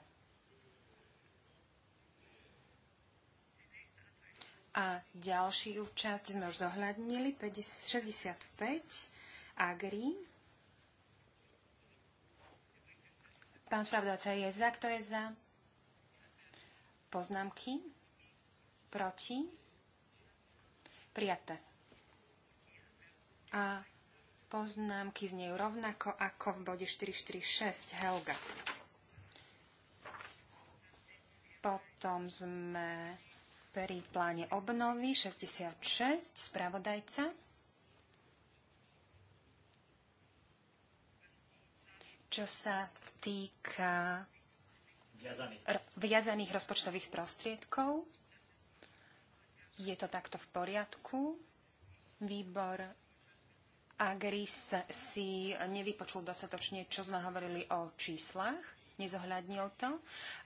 Speaker 2: A ďalšiu časť sme už zohľadnili, 65, Agri. Pán spravodajca je za. Kto je za? Poznámky? Proti? Prijaté. A poznámky znejú rovnako ako v bode 446 Helga. Potom sme pri pláne obnovy 66 spravodajca. čo sa týka viazaných rozpočtových prostriedkov. Je to takto v poriadku. Výbor Agris si nevypočul dostatočne, čo sme hovorili o číslach, nezohľadnil to.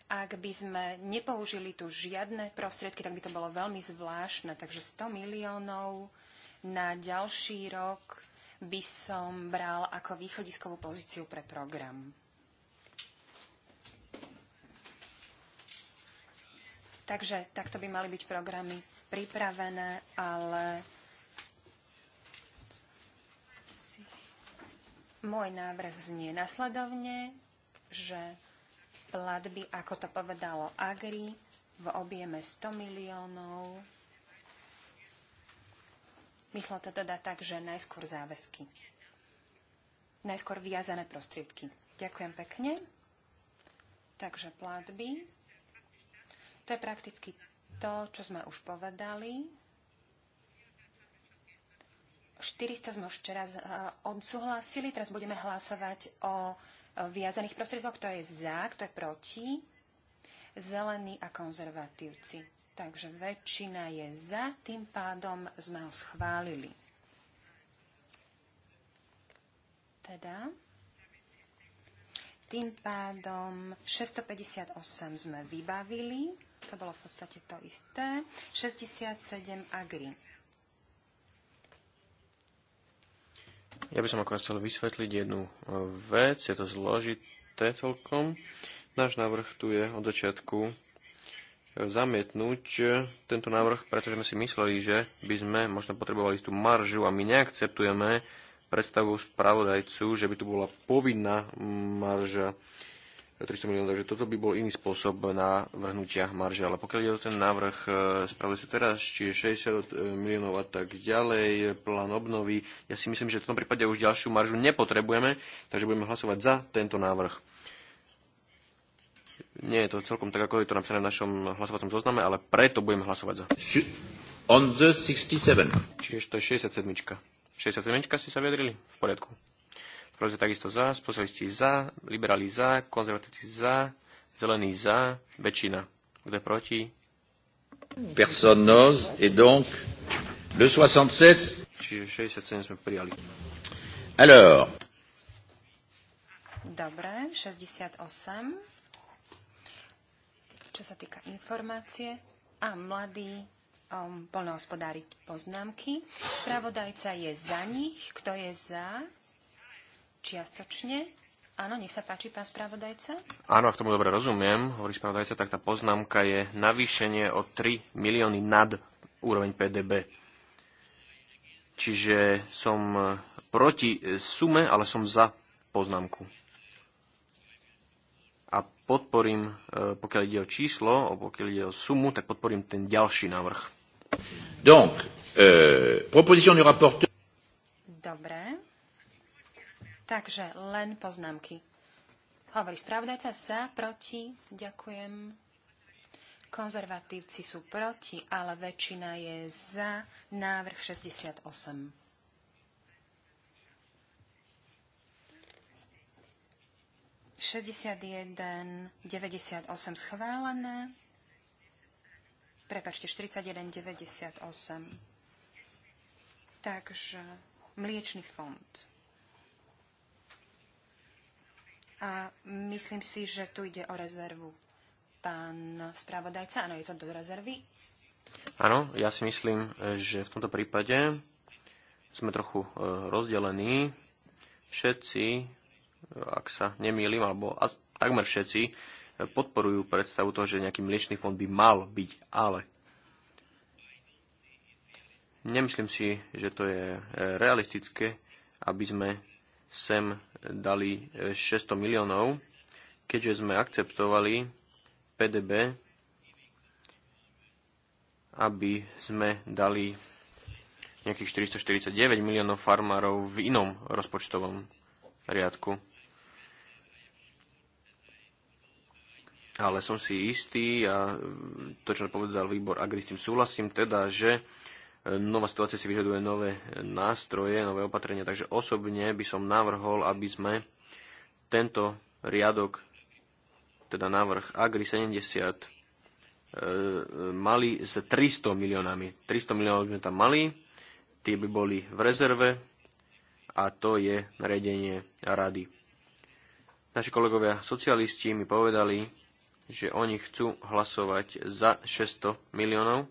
Speaker 2: Ak by sme nepoužili tu žiadne prostriedky, tak by to bolo veľmi zvláštne. Takže 100 miliónov na ďalší rok by som bral ako východiskovú pozíciu pre program. Takže takto by mali byť programy pripravené, ale môj návrh znie nasledovne, že platby, ako to povedalo Agri, v objeme 100 miliónov Myslel to teda tak, že najskôr záväzky. Najskôr viazané prostriedky. Ďakujem pekne. Takže platby. To je prakticky to, čo sme už povedali. 400 sme už včera eh, odsúhlasili, teraz budeme hlasovať o viazaných prostriedkoch, kto je za, kto je proti, zelení a konzervatívci. Takže väčšina je za, tým pádom sme ho schválili. Teda tým pádom 658 sme vybavili, to bolo v podstate to isté, 67 agri.
Speaker 3: Ja by som akorát chcel vysvetliť jednu e, vec, je to zložité celkom. Náš návrh tu je od začiatku zamietnúť e, tento návrh, pretože sme si mysleli, že by sme možno potrebovali tú maržu a my neakceptujeme predstavu spravodajcu, že by tu bola povinná marža 300 e, miliónov, takže toto by bol iný spôsob na vrhnutia marže. Ale pokiaľ ide o ten návrh e, spravodajcu teraz, čiže 60 miliónov a tak ďalej, plán obnovy, ja si myslím, že v tom prípade už ďalšiu maržu nepotrebujeme, takže budeme hlasovať za tento návrh. Nie je to celkom tak, ako je to napísané v našom hlasovacom zozname, ale preto budem hlasovať za. On the 67. Čiže to je 67. 67 ste sa vyjadrili? V poriadku. Proste takisto za, spôsobisti za, liberáli za, konzervatíci za, zelení za, väčšina. Kto je proti?
Speaker 1: Personne n'ose et donc le 67.
Speaker 3: Čiže 67 sme prijali.
Speaker 1: Alors.
Speaker 2: Dobre, 68 čo sa týka informácie a mladí um, polnohospodári poznámky. Spravodajca je za nich. Kto je za? Čiastočne. Áno, nech sa páči, pán spravodajca.
Speaker 3: Áno, ak tomu dobre rozumiem, hovorí spravodajca, tak tá poznámka je navýšenie o 3 milióny nad úroveň PDB. Čiže som proti sume, ale som za poznámku podporím, e, pokiaľ ide o číslo, alebo pokiaľ ide o sumu, tak podporím ten ďalší návrh.
Speaker 1: Donc, euh, proposition du rapporteur.
Speaker 2: Dobre. Takže len poznámky. Hovorí spravodajca sa proti. Ďakujem. Konzervatívci sú proti, ale väčšina je za návrh 68. 61, 98 schválené. Prepačte, 41, 98. Takže mliečný fond. A myslím si, že tu ide o rezervu. Pán správodajca, áno, je to do rezervy?
Speaker 3: Áno, ja si myslím, že v tomto prípade sme trochu e, rozdelení. Všetci ak sa nemýlim, alebo takmer všetci eh, podporujú predstavu toho, že nejaký mliečný fond by mal byť, ale nemyslím si, že to je eh, realistické, aby sme sem dali 600 eh, miliónov, keďže sme akceptovali PDB, aby sme dali nejakých 449 miliónov farmárov v inom rozpočtovom riadku. ale som si istý a mm, to, čo povedal výbor Agri, s tým súhlasím, teda, že e, nová situácia si vyžaduje nové nástroje, nové opatrenia, takže osobne by som navrhol, aby sme tento riadok, teda návrh Agri 70, e, mali s 300 miliónami. 300 miliónov by sme tam mali, tie by boli v rezerve a to je nariadenie rady. Naši kolegovia socialisti mi povedali, že oni chcú hlasovať za 600 miliónov.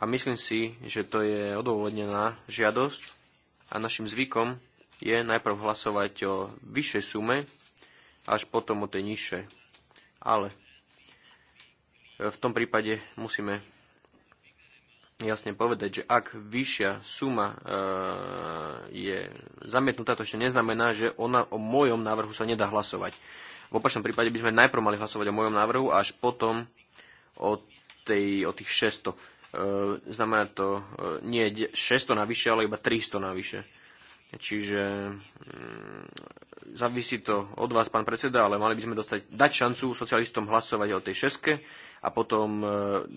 Speaker 3: A myslím si, že to je odôvodnená žiadosť a našim zvykom je najprv hlasovať o vyššej sume, až potom o tej nižšej. Ale v tom prípade musíme jasne povedať, že ak vyššia suma e, je zamietnutá, to ešte neznamená, že ona o mojom návrhu sa nedá hlasovať. V opačnom prípade by sme najprv mali hlasovať o mojom návrhu a až potom o, tej, o tých 600. E, znamená to e, nie 600 navyše, ale iba 300 navyše. Čiže mm, závisí to od vás, pán predseda, ale mali by sme dostať, dať šancu socialistom hlasovať o tej šeske a potom e,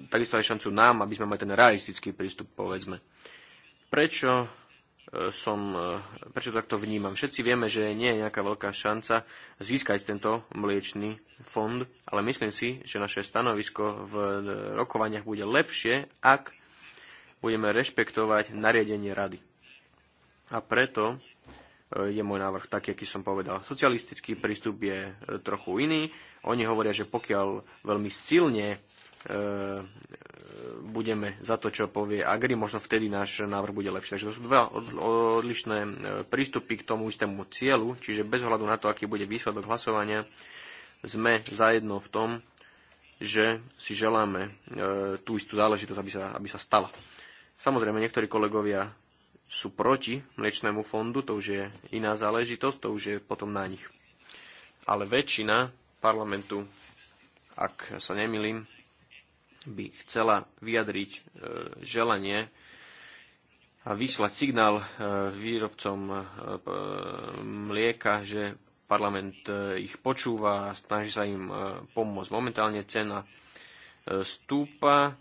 Speaker 3: takisto aj šancu nám, aby sme mali ten realistický prístup, povedzme. Prečo E, som, e, prečo to takto vnímam. Všetci vieme, že nie je nejaká veľká šanca získať tento mliečný fond, ale myslím si, že naše stanovisko v rokovaniach bude lepšie, ak budeme rešpektovať nariadenie rady. A preto e, je môj návrh taký, aký som povedal. Socialistický prístup je trochu iný. Oni hovoria, že pokiaľ veľmi silne E, budeme za to, čo povie Agri, možno vtedy náš návrh bude lepší. Takže to sú dva odlišné e, prístupy k tomu istému cieľu, čiže bez ohľadu na to, aký bude výsledok hlasovania, sme zajedno v tom, že si želáme e, tú istú záležitosť, aby sa, aby sa stala. Samozrejme, niektorí kolegovia sú proti mliečnému fondu, to už je iná záležitosť, to už je potom na nich. Ale väčšina parlamentu, ak sa nemilím, by chcela vyjadriť e, želanie a vyslať signál e, výrobcom e, mlieka, že parlament ich počúva a snaží sa im pomôcť. Momentálne cena stúpa,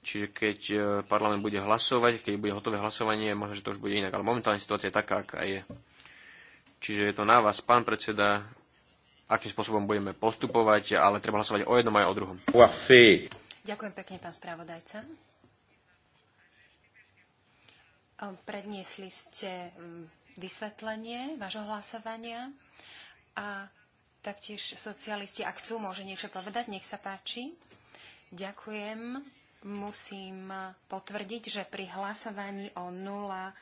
Speaker 3: čiže keď parlament bude hlasovať, keď bude hotové hlasovanie, možno, že to už bude inak, ale momentálne situácia je taká, aká je. Čiže je to na vás, pán predseda, akým spôsobom budeme postupovať, ale treba hlasovať o jednom aj o druhom.
Speaker 2: Ďakujem pekne, pán spravodajca. Predniesli ste mm, vysvetlenie vášho hlasovania a taktiež socialisti, ak chcú, môže niečo povedať, nech sa páči. Ďakujem. Musím potvrdiť, že pri hlasovaní o 0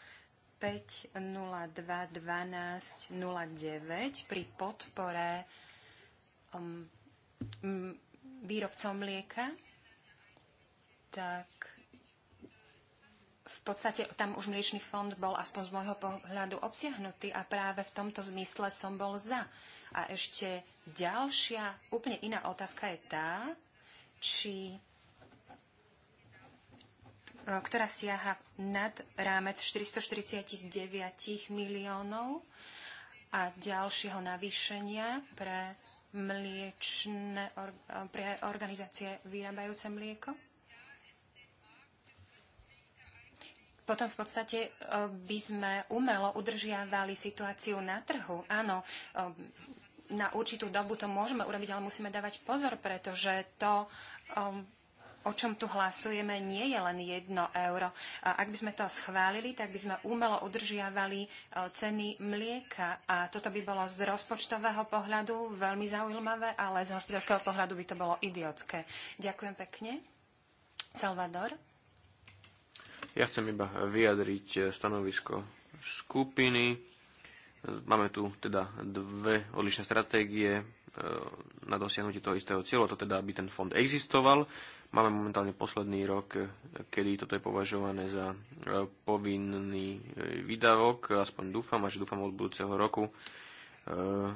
Speaker 2: 502.12.09 pri podpore um, m, mlieka, tak v podstate tam už mliečný fond bol aspoň z môjho pohľadu obsiahnutý a práve v tomto zmysle som bol za. A ešte ďalšia úplne iná otázka je tá, či E, ktorá siaha nad rámec 449 miliónov a ďalšieho navýšenia pre mliečne, e, pre organizácie vyrábajúce mlieko. Potom v podstate e, by sme umelo udržiavali situáciu na trhu. Áno, na určitú dobu to môžeme urobiť, ale musíme dávať pozor, pretože to o čom tu hlasujeme, nie je len jedno euro. Ak by sme to schválili, tak by sme umelo udržiavali e, ceny mlieka. A toto by bolo z rozpočtového pohľadu veľmi zaujímavé, ale z hospodárskeho pohľadu by to bolo idiotské. Ďakujem pekne. Salvador?
Speaker 3: Ja chcem iba vyjadriť e, stanovisko skupiny. Máme tu teda dve odlišné stratégie e, na dosiahnutie toho istého cieľa, to teda, aby ten fond existoval Máme momentálne posledný rok, eh, kedy toto je považované za eh, povinný eh, výdavok, aspoň dúfam, a že dúfam od budúceho roku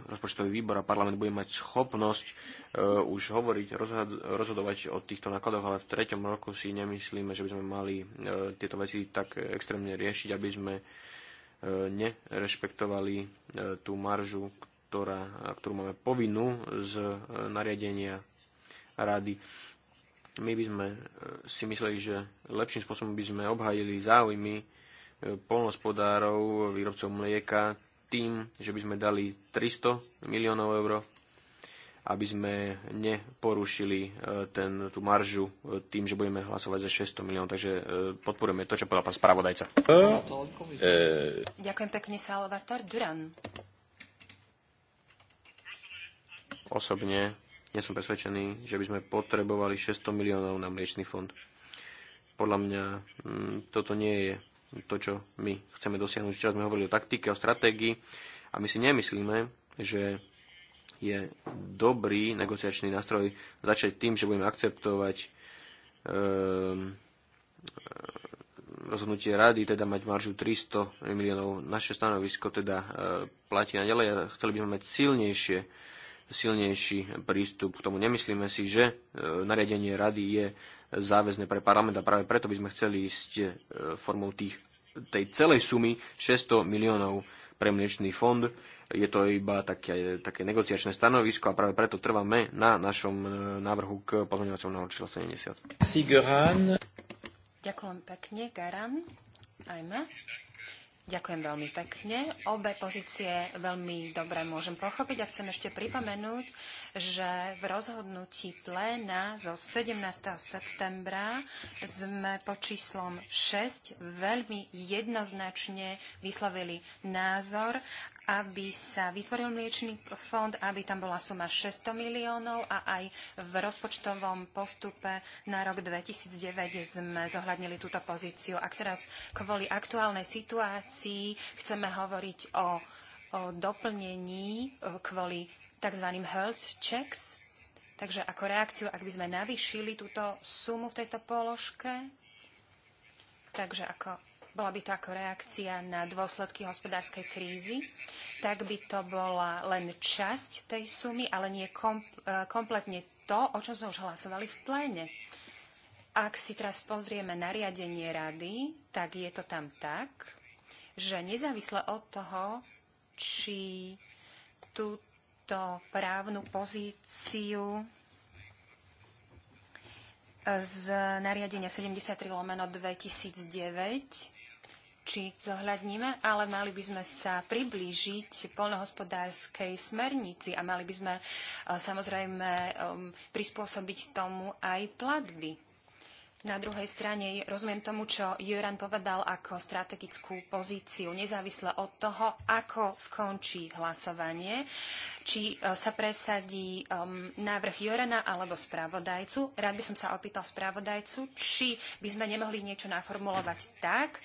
Speaker 3: rozpočtový výbor a parlament bude mať schopnosť už hovoriť, rozhodovať o týchto nákladoch, ale v treťom roku si nemyslíme, že by sme mali tieto veci tak extrémne riešiť, aby sme nerešpektovali tú maržu, ktorá, ktorú máme povinnú z nariadenia rady. My by sme e, si mysleli, že lepším spôsobom by sme obhajili záujmy e, polnospodárov, výrobcov mlieka tým, že by sme dali 300 miliónov eur, aby sme neporušili e, ten, tú maržu tým, že budeme hlasovať za 600 miliónov. Takže podporujeme to, čo povedal pán spravodajca.
Speaker 2: Ďakujem pekne, Salvator Duran.
Speaker 3: Osobne nie som presvedčený, že by sme potrebovali 600 miliónov na mliečný fond. Podľa mňa mm, toto nie je to, čo my chceme dosiahnuť. Včera sme hovorili o taktike, o stratégii a my si nemyslíme, že je dobrý negociačný nástroj začať tým, že budeme akceptovať ehm, e, rozhodnutie rady, teda mať maržu 300 miliónov. Naše stanovisko teda e, platí naďalej a chceli by sme mať silnejšie silnejší prístup k tomu. Nemyslíme si, že e, nariadenie rady je záväzne pre parlament a práve preto by sme chceli ísť e, formou tých, tej celej sumy 600 miliónov pre mliečný fond. Je to iba také, také negociačné stanovisko a práve preto trváme na našom e, návrhu k pozmeňovacom návrhu číslo 70.
Speaker 2: Ďakujem pekne, Garan. Ajme. Ďakujem veľmi pekne. Obe pozície veľmi dobre môžem pochopiť a chcem ešte pripomenúť, že v rozhodnutí pléna zo 17. septembra sme po číslom 6 veľmi jednoznačne vyslovili názor aby sa vytvoril mliečný fond, aby tam bola suma 600 miliónov a aj v rozpočtovom postupe na rok 2009 sme zohľadnili túto pozíciu. Ak teraz kvôli aktuálnej situácii chceme hovoriť o, o doplnení kvôli tzv. health checks, takže ako reakciu, ak by sme navýšili túto sumu v tejto položke, takže ako bola by to ako reakcia na dôsledky hospodárskej krízy, tak by to bola len časť tej sumy, ale nie e, kompletne to, o čom sme už hlasovali v pléne. Ak si teraz pozrieme nariadenie rady, tak je to tam tak, že nezávisle od toho, či túto právnu pozíciu z nariadenia 73 lomeno 2009 či zohľadníme, ale mali by sme sa priblížiť polnohospodárskej smernici a mali by sme eh, samozrejme um, prispôsobiť tomu aj platby. Na druhej strane rozumiem tomu, čo Juran povedal ako strategickú pozíciu, nezávisle od toho, ako skončí hlasovanie, či eh, sa presadí um, návrh Jurana alebo spravodajcu. Rád by som sa opýtal spravodajcu, či by sme nemohli niečo naformulovať tak,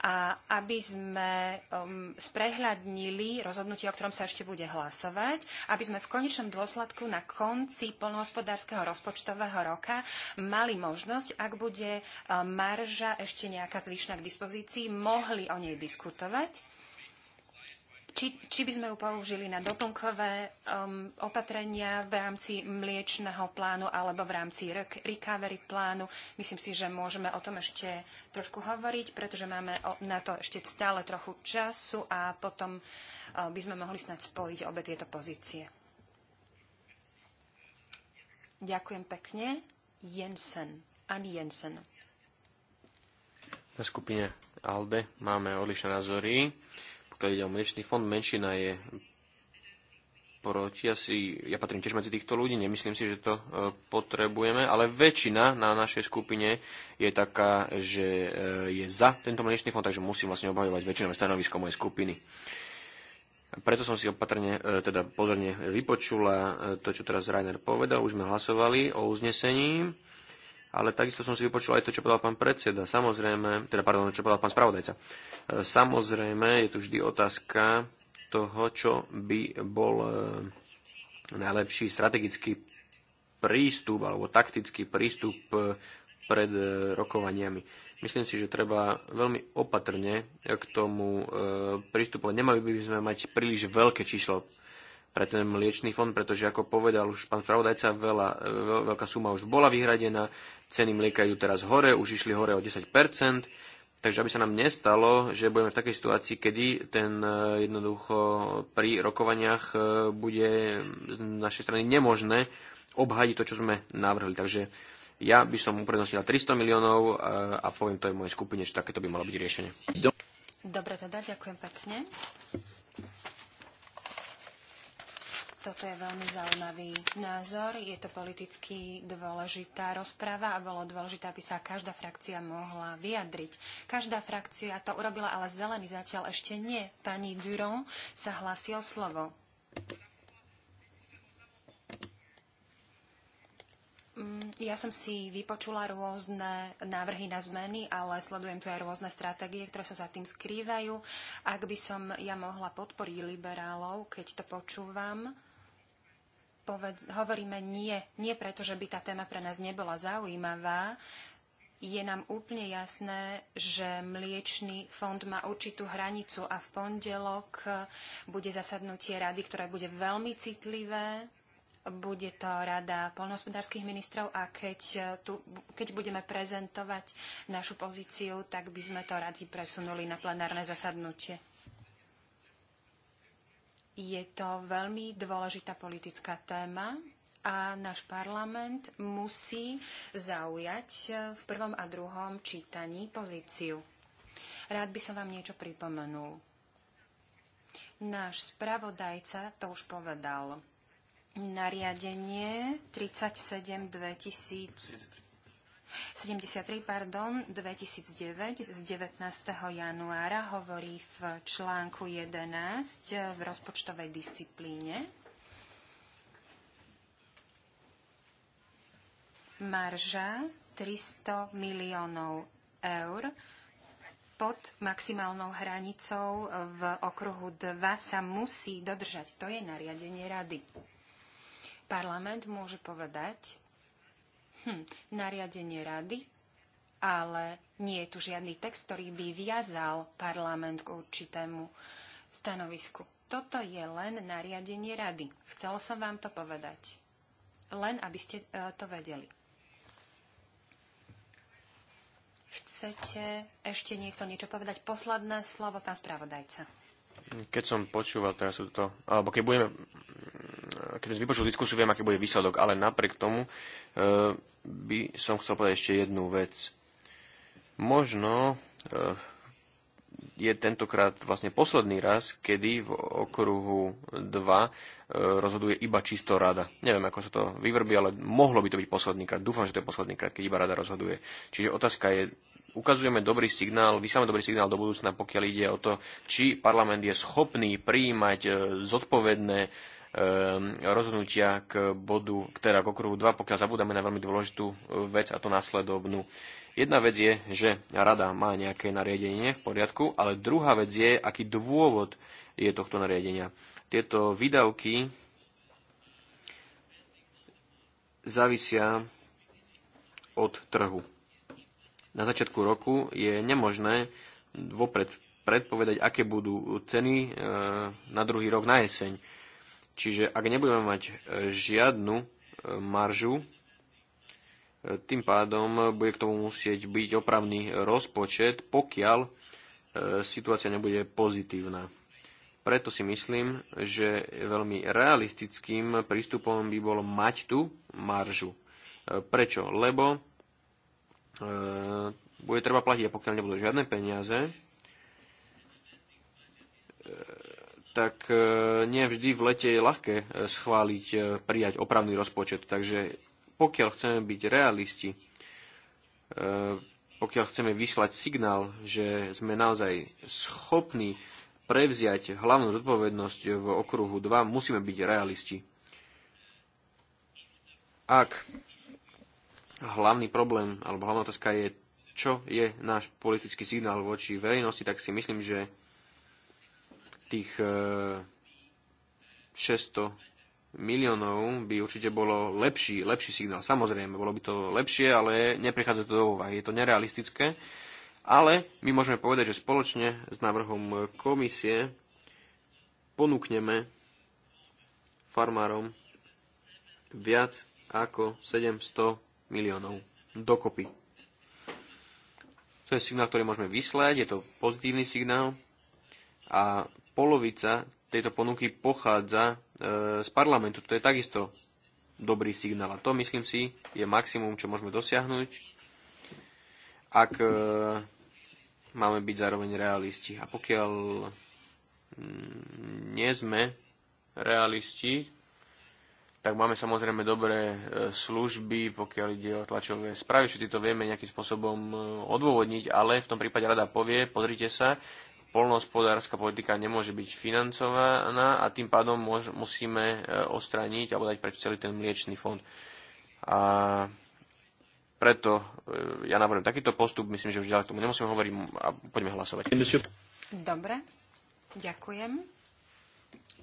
Speaker 2: a aby sme um, sprehľadnili rozhodnutie, o ktorom sa ešte bude hlasovať, aby sme v konečnom dôsledku na konci polnohospodárskeho rozpočtového roka mali možnosť, ak bude um, marža ešte nejaká zvyšná k dispozícii, mohli o nej diskutovať či, či by sme ju použili na doplnkové um, opatrenia v rámci mliečného plánu alebo v rámci recovery plánu. Myslím si, že môžeme o tom ešte trošku hovoriť, pretože máme o, na to ešte stále trochu času a potom uh, by sme mohli snať spojiť obe tieto pozície. Ďakujem pekne. Jensen. Ani Jensen.
Speaker 3: Na skupine ALDE máme odlišné názory pokiaľ ide o menšiny fond, menšina je proti, asi, si, ja patrím tiež medzi týchto ľudí, nemyslím si, že to e, potrebujeme, ale väčšina na našej skupine je taká, že e, je za tento mliečný fond, takže musím vlastne obhajovať väčšinové stanovisko mojej skupiny. Preto som si opatrne, e, teda pozorne vypočula e, to, čo teraz Rainer povedal, už sme hlasovali o uznesení ale takisto som si vypočul aj to, čo povedal pán predseda. Samozrejme, teda pardon, čo povedal pán spravodajca. E, samozrejme, je tu vždy otázka toho, čo by bol e, najlepší strategický prístup alebo taktický prístup e, pred rokovaniami. Myslím si, že treba veľmi opatrne k tomu prístupovať. Nemali by sme mať príliš veľké číslo pre ten mliečný fond, pretože ako povedal už pán spravodajca, veľa, veľká suma už bola vyhradená, Ceny mlieka idú teraz hore, už išli hore o 10%, takže aby sa nám nestalo, že budeme v takej situácii, kedy ten e, jednoducho pri rokovaniach e, bude z našej strany nemožné obhájiť to, čo sme navrhli. Takže ja by som uprednostila 300 miliónov e, a poviem to aj mojej skupine, že takéto by malo byť riešenie.
Speaker 2: Dobre, teda ďakujem pekne. Toto je veľmi zaujímavý názor. Je to politicky dôležitá rozpráva a bolo dôležité, aby sa každá frakcia mohla vyjadriť. Každá frakcia to urobila, ale zelený zatiaľ ešte nie. Pani Duron sa hlasí o slovo. Mm, ja som si vypočula rôzne návrhy na zmeny, ale sledujem tu aj rôzne stratégie, ktoré sa za tým skrývajú. Ak by som ja mohla podporiť liberálov, keď to počúvam, poved- hovoríme nie, nie preto, že by tá téma pre nás nebola zaujímavá, je nám úplne jasné, že mliečný fond má určitú hranicu a v pondelok bude zasadnutie rady, ktoré bude veľmi citlivé. Bude to rada polnohospodárských ministrov a keď, tu, keď budeme prezentovať našu pozíciu, tak by sme to rady presunuli na plenárne zasadnutie. Je to veľmi dôležitá politická téma a náš parlament musí zaujať v prvom a druhom čítaní pozíciu. Rád by som vám niečo pripomenul. Náš spravodajca to už povedal. Nariadenie 37 2000 73, pardon, 2009 z 19. januára hovorí v článku 11 v rozpočtovej disciplíne. Marža 300 miliónov eur pod maximálnou hranicou v okruhu 2 sa musí dodržať. To je nariadenie rady. Parlament môže povedať, hm, nariadenie rady, ale nie je tu žiadny text, ktorý by viazal parlament k určitému stanovisku. Toto je len nariadenie rady. Chcel som vám to povedať. Len aby ste e, to vedeli. Chcete ešte niekto niečo povedať? Posledné slovo, pán spravodajca.
Speaker 3: Keď som počúval teraz túto, alebo keď budeme keby sme vypočuli diskusiu, viem, aký bude výsledok, ale napriek tomu e, by som chcel povedať ešte jednu vec. Možno e, je tentokrát vlastne posledný raz, kedy v okruhu 2 e, rozhoduje iba čisto rada. Neviem, ako sa to vyvrbí, ale mohlo by to byť posledný krát. Dúfam, že to je posledný krát, keď iba rada rozhoduje. Čiže otázka je, ukazujeme dobrý signál, vysáme dobrý signál do budúcna, pokiaľ ide o to, či parlament je schopný prijímať zodpovedné Ehm, rozhodnutia k bodu, teda k okruhu 2, pokiaľ zabudáme na veľmi dôležitú e, vec a to následovnú. Jedna vec je, že rada má nejaké nariadenie v poriadku, ale druhá vec je, aký dôvod je tohto nariadenia. Tieto výdavky závisia od trhu. Na začiatku roku je nemožné vopred predpovedať, aké budú ceny e, na druhý rok na jeseň. Čiže ak nebudeme mať e, žiadnu e, maržu, e, tým pádom bude k tomu musieť byť opravný rozpočet, pokiaľ situácia nebude pozitívna. Preto si myslím, že veľmi realistickým prístupom by bolo mať tú maržu. Prečo? Lebo bude treba platiť, a pokiaľ nebudú žiadne peniaze, tak e, nie vždy v lete je ľahké e, schváliť, e, prijať opravný rozpočet. Takže pokiaľ chceme byť realisti, pokiaľ chceme vyslať signál, že sme naozaj schopní prevziať hlavnú zodpovednosť v okruhu 2, musíme byť realisti. Ak hlavný problém alebo hlavná otázka je, čo je náš politický signál voči verejnosti, tak si myslím, že Tých 600 e, miliónov by určite bolo lepší, lepší signál. Samozrejme, bolo by to lepšie, ale neprechádza to do úvahy. Je to nerealistické. Ale my môžeme povedať, že spoločne s návrhom komisie ponúkneme farmárom viac ako 700 miliónov dokopy. To je signál, ktorý môžeme vyslať, je to pozitívny signál a polovica tejto ponuky pochádza e, z parlamentu. To je takisto dobrý signál. A to, myslím si, je maximum, čo môžeme dosiahnuť, ak e, máme byť zároveň realisti. A pokiaľ mm, nie sme realisti, tak máme samozrejme dobré e, služby, pokiaľ ide o tlačové správy, že to vieme nejakým spôsobom odôvodniť, ale v tom prípade rada povie, pozrite sa, polnohospodárska politika nemôže byť financovaná a tým pádom môž, musíme e, ostraniť alebo dať preč celý ten mliečný fond. A preto e, ja navrhujem takýto postup, myslím, že už ďalej k tomu nemusím hovoriť a poďme hlasovať.
Speaker 2: Dobre, ďakujem.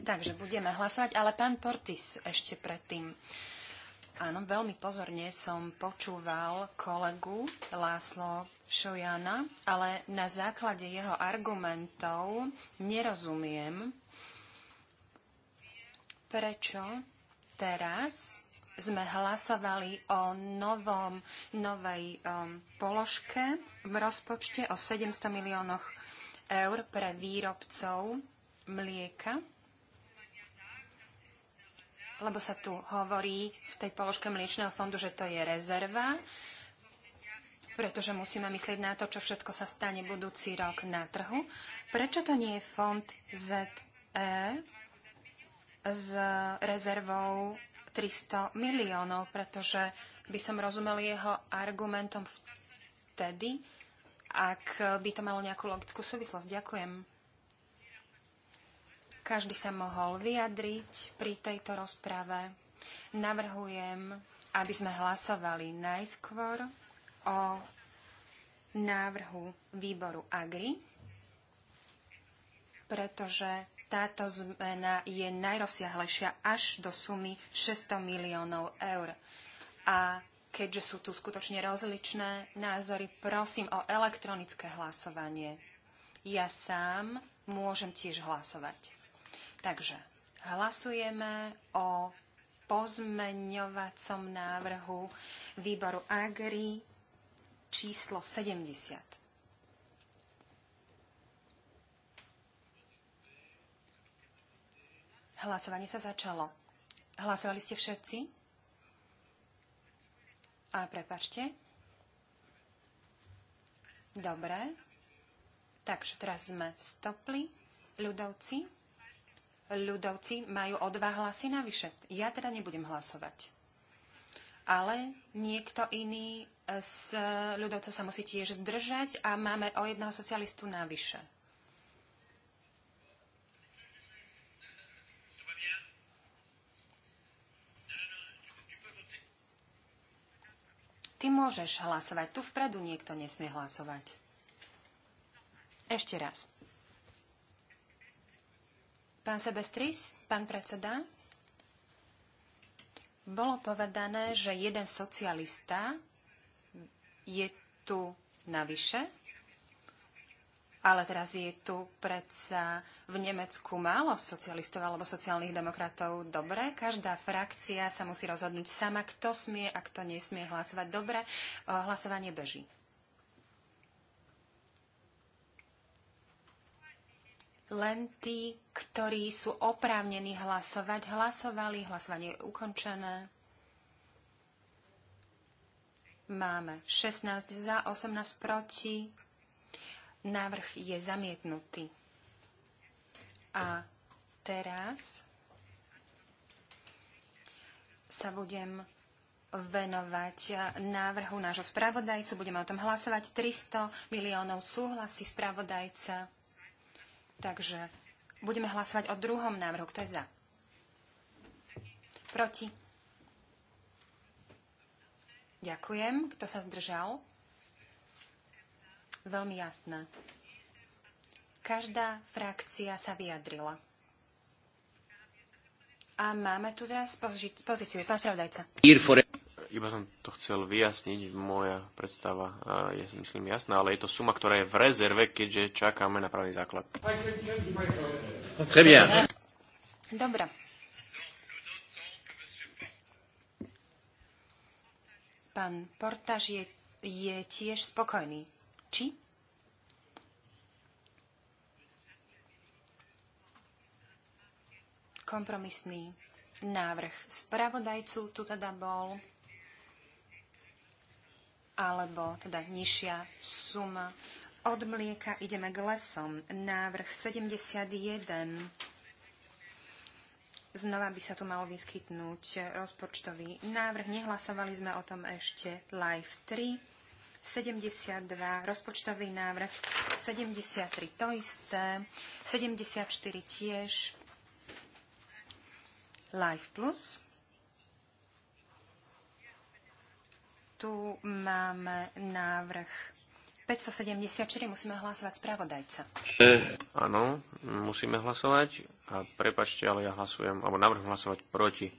Speaker 2: Takže budeme hlasovať, ale pán Portis ešte predtým. Áno, veľmi pozorne som počúval kolegu Láslo Šojana, ale na základe jeho argumentov nerozumiem, prečo teraz sme hlasovali o novom, novej um, položke v rozpočte o 700 miliónoch eur pre výrobcov mlieka lebo sa tu hovorí v tej položke mliečného fondu, že to je rezerva, pretože musíme myslieť na to, čo všetko sa stane budúci rok na trhu. Prečo to nie je fond ZE s rezervou 300 miliónov, pretože by som rozumel jeho argumentom vtedy, ak by to malo nejakú logickú súvislosť. Ďakujem. Každý sa mohol vyjadriť pri tejto rozprave. Navrhujem, aby sme hlasovali najskôr o návrhu výboru AGRI, pretože táto zmena je najrozsiahlejšia až do sumy 600 miliónov eur. A keďže sú tu skutočne rozličné názory, prosím o elektronické hlasovanie. Ja sám môžem tiež hlasovať. Takže hlasujeme o pozmeňovacom návrhu výboru Agri číslo 70. Hlasovanie sa začalo. Hlasovali ste všetci? A prepačte. Dobre. Takže teraz sme stopli ľudovci ľudovci majú o dva hlasy navyše. Ja teda nebudem hlasovať. Ale niekto iný z ľudovcov sa musí tiež zdržať a máme o jedného socialistu navyše. Ty môžeš hlasovať. Tu vpredu niekto nesmie hlasovať. Ešte raz. Pán Sebestris, pán predseda, bolo povedané, že jeden socialista je tu navyše, ale teraz je tu predsa v Nemecku málo socialistov alebo sociálnych demokratov. Dobre, každá frakcia sa musí rozhodnúť sama, kto smie a kto nesmie hlasovať. Dobre, eh, hlasovanie beží. len tí, ktorí sú oprávnení hlasovať, hlasovali. Hlasovanie je ukončené. Máme 16 za, 18 proti. Návrh je zamietnutý. A teraz sa budem venovať návrhu nášho spravodajcu. Budeme o tom hlasovať. 300 miliónov súhlasí spravodajca. Takže budeme hlasovať o druhom návrhu. Kto je za? Proti? Ďakujem. Kto sa zdržal? Veľmi jasné. Každá frakcia sa vyjadrila. A máme tu teraz pozíciu. Pán spravodajca
Speaker 3: iba som to chcel vyjasniť, moja predstava e, je myslím jasná, ale je to suma, ktorá je v rezerve, keďže čakáme na pravý základ.
Speaker 2: Dobre. Pán Portaž je, je tiež spokojný. Či? Kompromisný návrh spravodajcu tu teda bol alebo teda nižšia suma. Od mlieka ideme k lesom. Návrh 71. Znova by sa tu malo vyskytnúť rozpočtový návrh. Nehlasovali sme o tom ešte live 3. 72, rozpočtový návrh 73, to isté, 74 tiež, Live Plus, Tu máme návrh 574, musíme hlasovať spravodajca.
Speaker 3: E, áno, musíme hlasovať. A prepačte, ale ja hlasujem, alebo navrh hlasovať proti.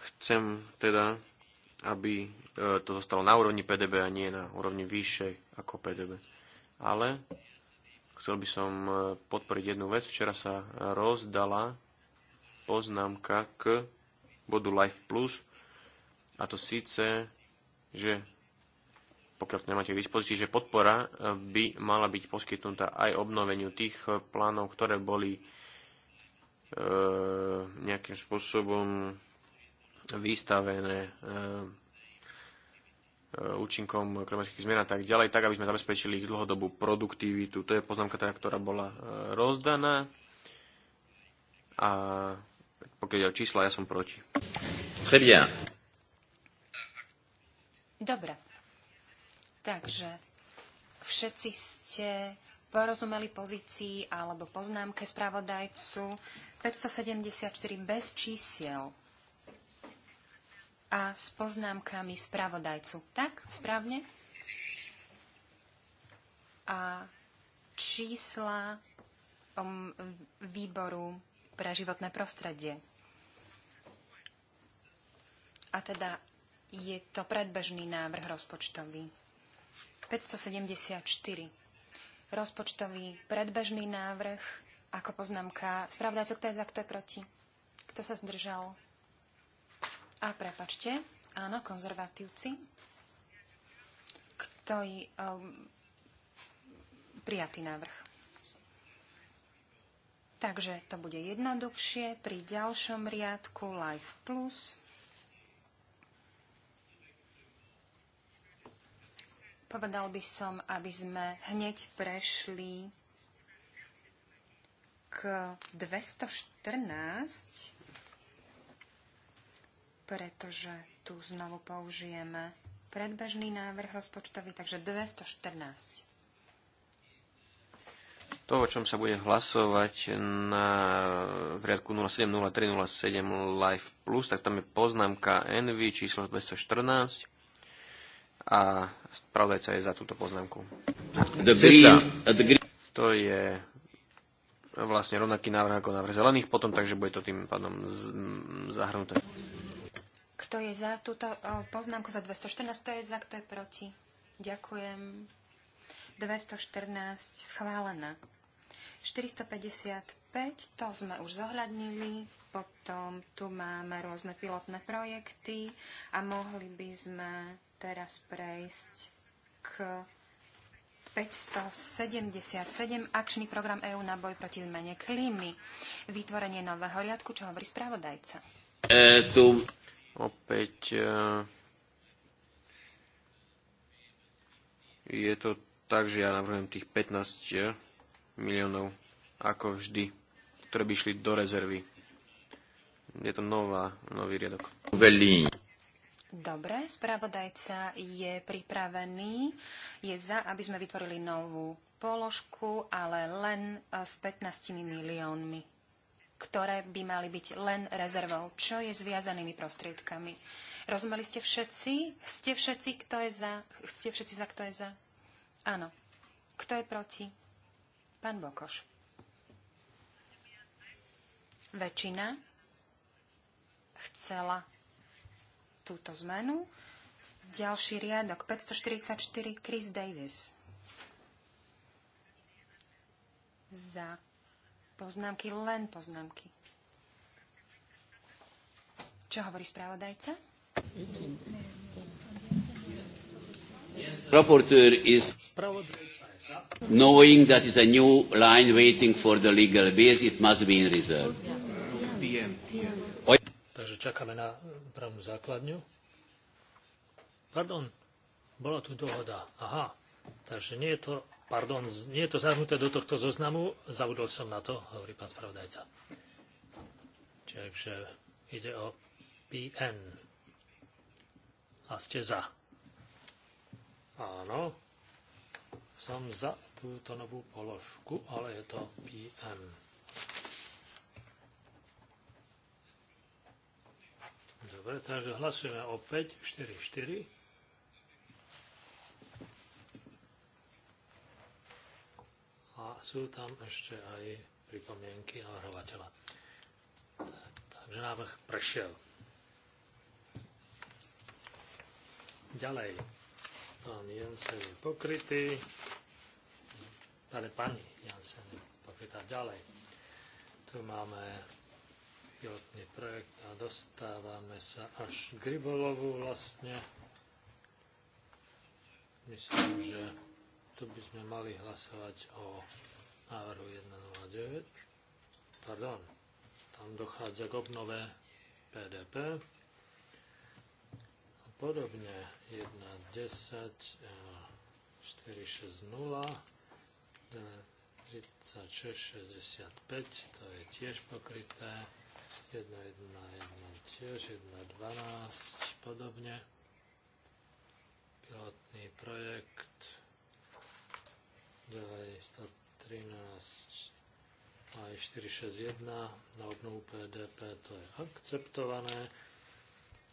Speaker 3: Chcem teda, aby e, to zostalo na úrovni PDB a nie na úrovni vyššej ako PDB. Ale chcel by som e, podporiť jednu vec. Včera sa rozdala poznámka k bodu Life Plus, a to síce, že pokiaľ to nemáte k dispozícii, že podpora eh, by mala byť poskytnutá aj obnoveniu tých eh, plánov, ktoré boli e, nejakým spôsobom vystavené e, e, účinkom klimatických zmien a tak ďalej, tak aby sme zabezpečili ich dlhodobú produktivitu. To je poznámka teda, ktorá bola rozdaná. A pokiaľ je o čísla, ja som proti. Très bien.
Speaker 2: Dobre. Takže všetci ste porozumeli pozícii alebo poznámke spravodajcu 574 bez čísiel a s poznámkami spravodajcu. Tak? Správne? A čísla um, výboru pre životné prostredie. A teda je to predbežný návrh rozpočtový. 574. Rozpočtový predbežný návrh ako poznámka. Spravdajco, kto je za, kto je proti? Kto sa zdržal? A prepačte, áno, konzervatívci. Kto je um, prijatý návrh? Takže to bude jednoduchšie pri ďalšom riadku Life Plus. Povedal by som, aby sme hneď prešli k 214, pretože tu znovu použijeme predbežný návrh rozpočtový, takže 214.
Speaker 3: To, o čom sa bude hlasovať na, v riadku 070307 Live Plus, tak tam je poznámka NV číslo 214 a spravodajca je za túto poznámku. Uh, to je vlastne rovnaký návrh ako návrh zelených potom, takže bude to tým pádom zahrnuté.
Speaker 2: Kto je za túto poznámku za 214? Kto je za, kto je proti? Ďakujem. 214 schválená. 455, to sme už zohľadnili. Potom tu máme rôzne pilotné projekty a mohli by sme teraz prejsť k 577 akčný program EÚ na boj proti zmene klímy. Vytvorenie nového riadku, čo hovorí správodajca. E,
Speaker 3: tu. Opäť e, je to tak, že ja navrhujem tých 15 e, miliónov, ako vždy, ktoré by šli do rezervy. Je to nová, nový riadok. Veľmi
Speaker 2: Dobre, spravodajca je pripravený, je za, aby sme vytvorili novú položku, ale len e, s 15 miliónmi, ktoré by mali byť len rezervou, čo je zviazanými prostriedkami. Rozumeli ste všetci? Ste všetci, kto je za? Ste všetci za, kto je za? Áno. Kto je proti? Pán Bokoš. Väčšina chcela túto zmenu. Ďalší riadok 544 Chris Davis. Za poznámky len poznámky. Čo hovorí správodajca?
Speaker 4: Rapporteur is knowing that is a new line waiting for the legal base, it must be in reserve. Yeah. Yeah. Takže čakáme na právnu základňu. Pardon, bola tu dohoda. Aha, takže nie je to, pardon, nie je to zahrnuté do tohto zoznamu. Zabudol som na to, hovorí pán spravodajca. Čiže ide o PN. A ste za. Áno, som za túto novú položku, ale je to PM. Dobre, takže hlasujeme 5, 4-4. A sú tam ešte aj pripomienky navrhovateľa. Takže návrh prešiel. Ďalej. Pán Jensen je pokrytý. Pane, pani Jensen je pokrytá ďalej. Tu máme pilotný projekt a dostávame sa až k rybolovu vlastne. Myslím, že tu by sme mali hlasovať o návrhu 109. Pardon, tam dochádza k obnove PDP. A podobne 1.10, 4.6.0, 36.65, to je tiež pokryté. 1, 1, 1 tiež, 1, 12 podobne. Pilotný projekt, ďalej 113 aj 461 na obnovu PDP to je akceptované,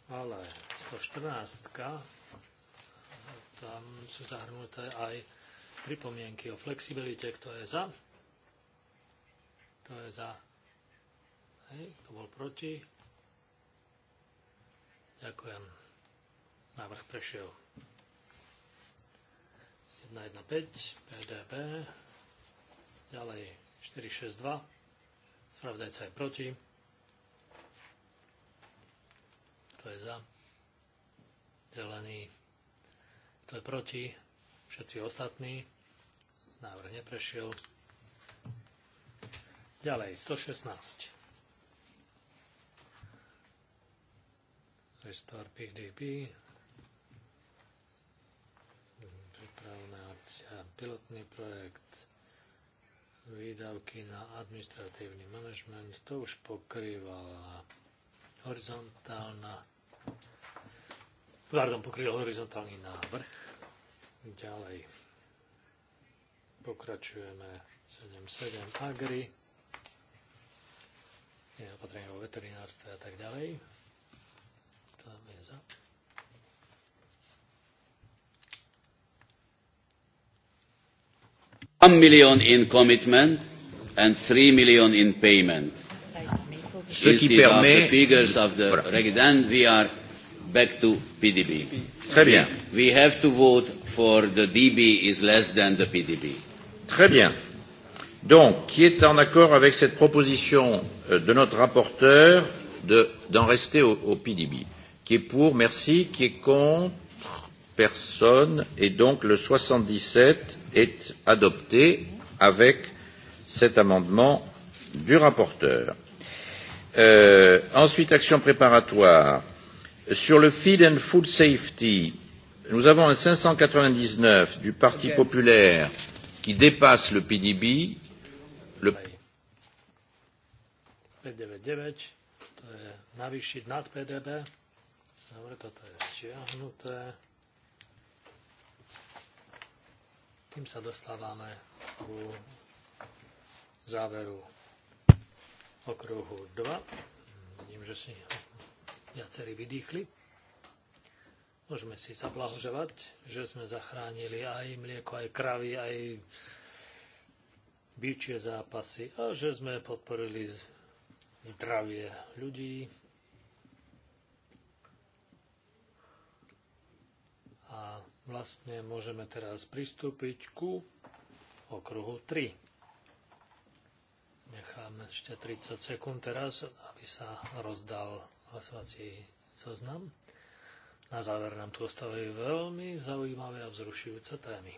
Speaker 4: ale 114 tam sú zahrnuté aj pripomienky o flexibilite, kto je za, kto je za Hej, kto bol proti? Ďakujem. Návrh prešiel. 1.1.5, PDB, ďalej 4.6.2, Spravdajca je proti, to je za, zelený, to je proti, všetci ostatní, návrh neprešiel. Ďalej, 116. to je PDP, akcia, pilotný projekt, výdavky na administratívny manažment, to už pokrývala horizontálna pardon, pokryl horizontálny návrh. Ďalej pokračujeme 7.7 Agri, opatrenie o veterinárstve a tak ďalej. 152 je One million in commitment and three million in payment. Ce qui permet... figures of the voilà. we are back to PDB. Très bien. We have to vote for
Speaker 1: the DB is less than the PDB. Très bien. Donc, qui est en accord avec cette proposition euh, de notre rapporteur d'en de, rester au, au PDB Qui est pour Merci. Qui est contre Personne. Et donc le 77 est adopté avec cet amendement du rapporteur. Euh, ensuite, action préparatoire. Sur le feed and food safety, nous avons un 599 du Parti populaire qui dépasse le PDB. Le...
Speaker 4: to je navýšiť nad PDB. Dobre, to je stiahnuté. Tým sa dostávame ku záveru okruhu 2. Vidím, že si viacerí vydýchli. Môžeme si zablahoželať, že sme zachránili aj mlieko, aj kravy, aj bičie zápasy a že sme podporili zdravie ľudí, Vlastne môžeme teraz pristúpiť ku okruhu 3. Nechám ešte 30 sekúnd teraz, aby sa rozdal hlasovací zoznam. Na záver nám tu ostávajú veľmi zaujímavé a vzrušujúce témy.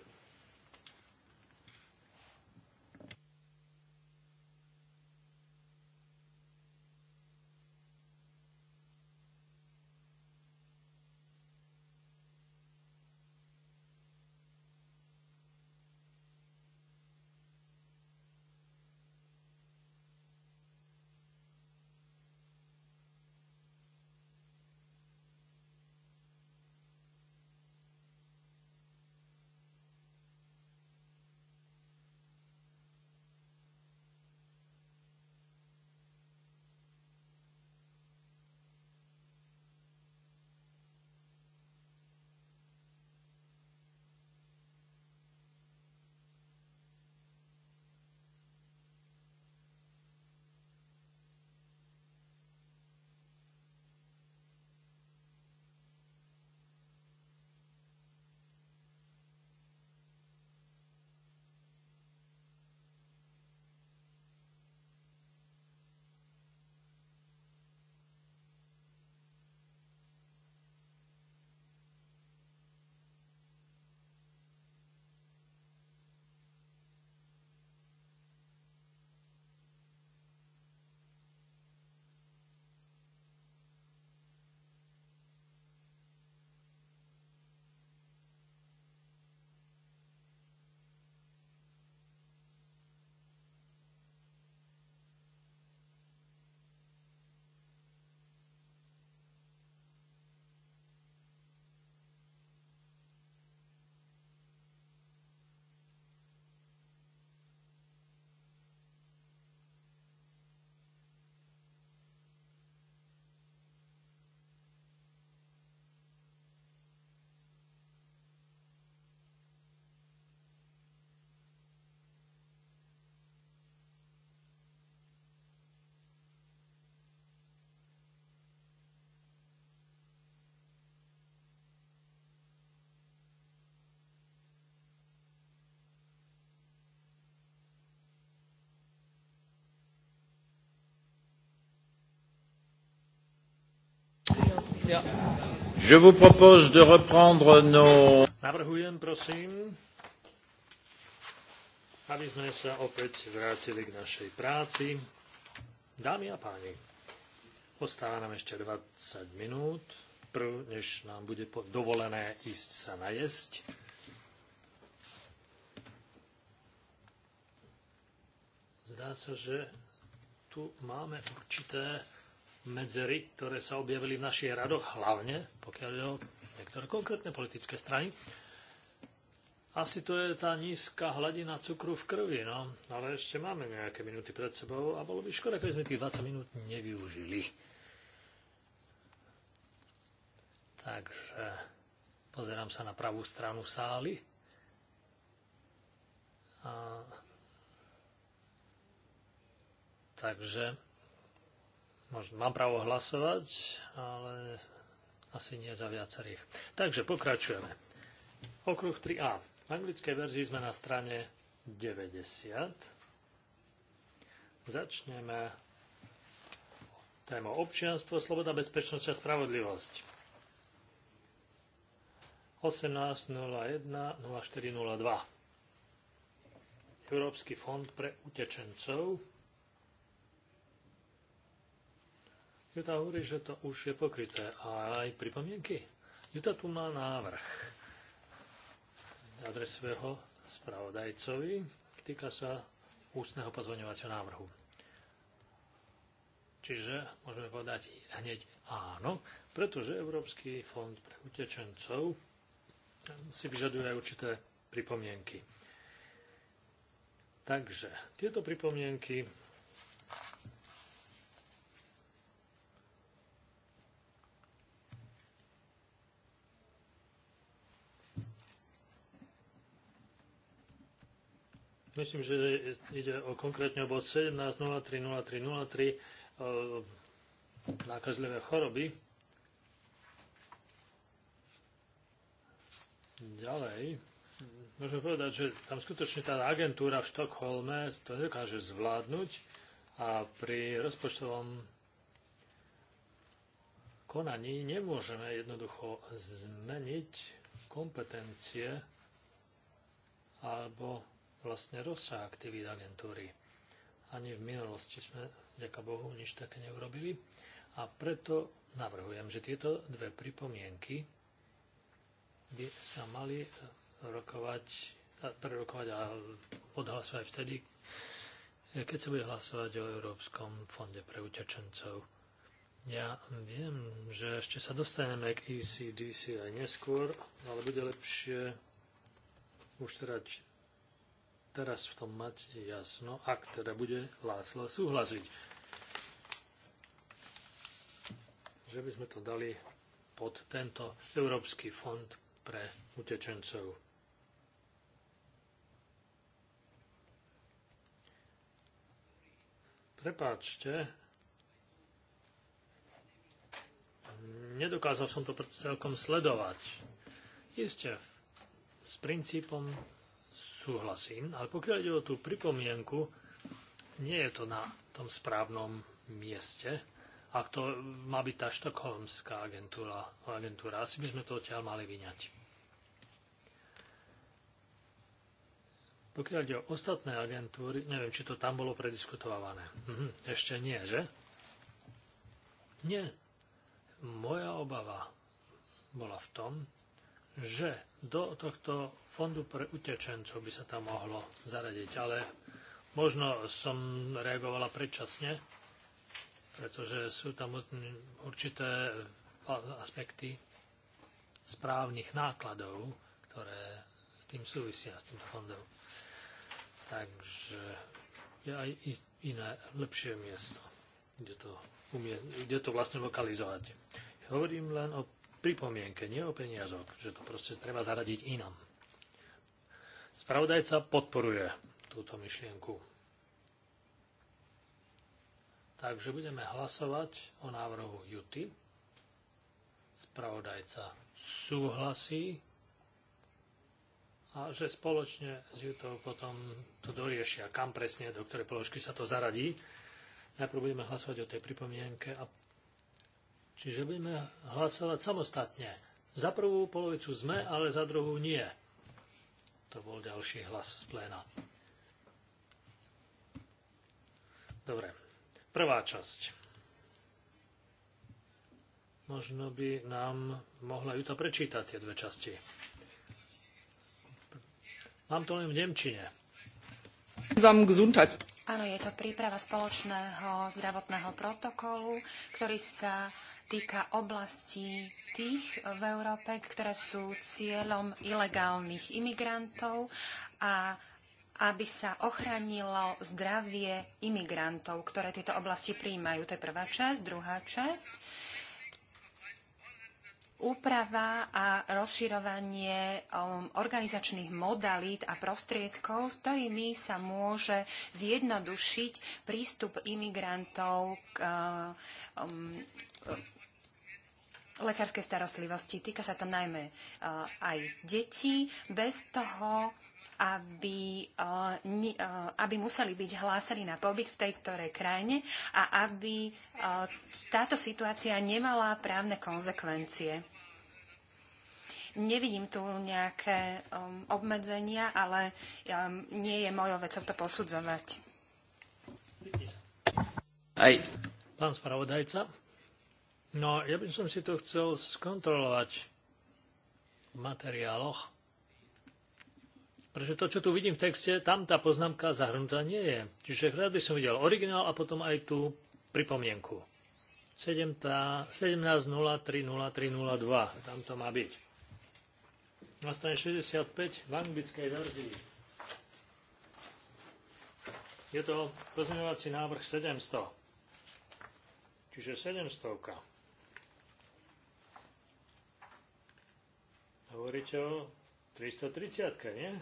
Speaker 4: Je vous propose de
Speaker 1: reprendre nos...
Speaker 4: Navrhujem, prosím, aby sme sa opäť vrátili k našej práci. Dámy a páni, ostáva nám ešte 20 minút, prv, než nám bude dovolené ísť sa najesť. Zdá sa, že tu máme určité medzery, ktoré sa objavili v našich radoch, hlavne pokiaľ je o niektoré konkrétne politické strany. Asi to je tá nízka hladina cukru v krvi, no. Ale ešte máme nejaké minúty pred sebou a bolo by škoda, keby sme tých 20 minút nevyužili. Takže pozerám sa na pravú stranu sály. A... Takže Možno mám právo hlasovať, ale asi nie za viacerých. Takže pokračujeme. Okruh 3a. V anglickej verzii sme na strane 90. Začneme tému občianstvo, sloboda, bezpečnosť a spravodlivosť. 18.01.04.02 Európsky fond pre utečencov Juta hovorí, že to už je pokryté. A aj pripomienky? Juta tu má návrh. Adresuje ho spravodajcovi. Týka sa ústneho pozvoňovacieho návrhu. Čiže môžeme povedať hneď áno, pretože Európsky fond pre utečencov si vyžaduje aj určité pripomienky. Takže tieto pripomienky Myslím, že ide o konkrétne obod bod 17.03.03.03 nákazlivé choroby. Ďalej, môžeme povedať, že tam skutočne tá agentúra v Štokholme to nedokáže zvládnuť a pri rozpočtovom konaní nemôžeme jednoducho zmeniť kompetencie alebo vlastne rozsah aktivít agentúry. Ani v minulosti sme, ďaká Bohu, nič také neurobili a preto navrhujem, že tieto dve pripomienky by sa mali rokovať, prerokovať a odhlasovať vtedy, keď sa bude hlasovať o Európskom fonde pre utečencov. Ja viem, že ešte sa dostaneme k ECDC aj neskôr, ale bude lepšie už teda teraz v tom mať jasno, ak teda bude Lásla súhlasiť. Že by sme to dali pod tento Európsky fond pre utečencov. Prepáčte, nedokázal som to celkom sledovať. Isté, s princípom súhlasím, ale pokiaľ ide o tú pripomienku, nie je to na tom správnom mieste. Ak to má byť tá štokholmská agentúra, agentúra asi by sme to odtiaľ mali vyňať. Pokiaľ ide o ostatné agentúry, neviem, či to tam bolo prediskutované. Mhm, ešte nie, že? Nie. Moja obava bola v tom, že do tohto fondu pre utečencov by sa tam mohlo zaradiť, ale možno som reagovala predčasne, pretože sú tam určité aspekty správnych nákladov, ktoré s tým súvisia, s týmto fondom. Takže je aj iné, lepšie miesto, kde to, umie, kde to vlastne lokalizovať. Hovorím len o pripomienke, nie o peniazoch, že to proste treba zaradiť inam. Spravodajca podporuje túto myšlienku. Takže budeme hlasovať o návrhu Juty. Spravodajca súhlasí a že spoločne s Jutou potom to doriešia, kam presne, do ktorej položky sa to zaradí. Najprv budeme hlasovať o tej pripomienke a Čiže budeme hlasovať samostatne. Za prvú polovicu sme, ale za druhú nie. To bol ďalší hlas z pléna. Dobre, prvá časť. Možno by nám mohla Juta prečítať tie dve časti. Mám to len v Nemčine.
Speaker 3: Gesundheits
Speaker 2: Áno, je to príprava spoločného zdravotného protokolu, ktorý sa týka oblastí tých v Európe, ktoré sú cieľom ilegálnych imigrantov a aby sa ochránilo zdravie imigrantov, ktoré tieto oblasti príjmajú. To je prvá časť. Druhá časť úprava a rozširovanie um, organizačných modalít a prostriedkov, s ktorými sa môže zjednodušiť prístup imigrantov k uh, um, lekárskej starostlivosti. Týka sa to najmä uh, aj detí, bez toho, aby, e, e, aby museli byť hlásení na pobyt v tej ktorej krajine a aby e, táto situácia nemala právne konzekvencie. Nevidím tu nejaké um, obmedzenia, ale um, nie je mojou vecou to posudzovať.
Speaker 4: Aj. Pán spravodajca, no ja by som si to chcel skontrolovať v materiáloch. Pretože to, čo tu vidím v texte, tam tá poznámka zahrnutá nie je. Čiže rád by som videl originál a potom aj tú pripomienku. 17.03.03.02. Tam to má byť. Na strane 65 v anglickej verzii. Je to pozmeňovací návrh 700. Čiže 700. Hovoríte o 330, nie?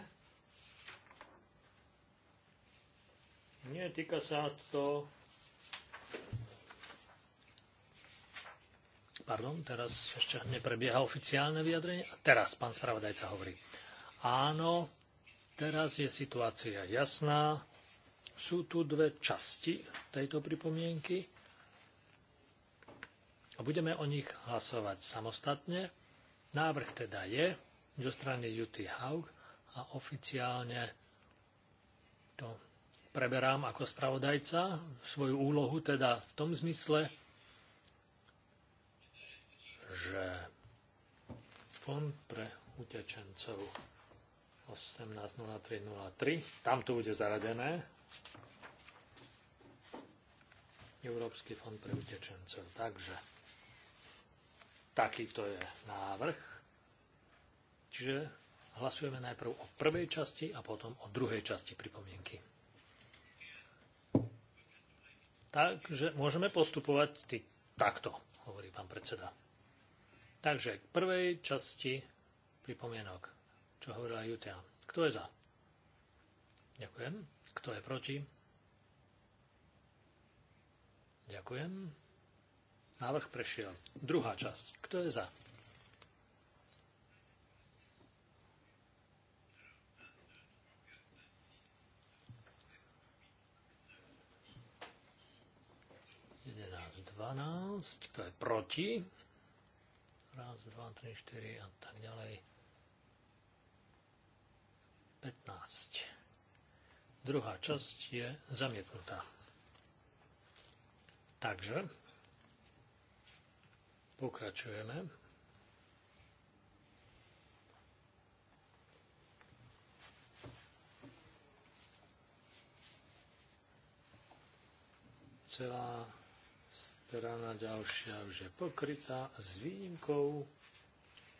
Speaker 4: Nie, týka sa to... Pardon, teraz ešte neprebieha oficiálne vyjadrenie. A teraz pán spravodajca hovorí. Áno, teraz je situácia jasná. Sú tu dve časti tejto pripomienky a budeme o nich hlasovať samostatne. Návrh teda je zo strany Juty Haug a oficiálne to preberám ako spravodajca svoju úlohu teda v tom zmysle, že fond pre utečencov 18.03.03, tam to bude zaradené, Európsky fond pre utečencov. Takže takýto je návrh. Čiže hlasujeme najprv o prvej časti a potom o druhej časti pripomienky. Takže môžeme postupovať ty, takto, hovorí pán predseda. Takže k prvej časti pripomienok, čo hovorila Jutia. Kto je za? Ďakujem. Kto je proti? Ďakujem. Návrh prešiel. Druhá časť. Kto je za? 12, to je proti. Raz, dva, 3, 4 a tak ďalej. 15. Druhá časť je zamietnutá. Takže pokračujeme. Celá strana ďalšia už je pokrytá s výnimkou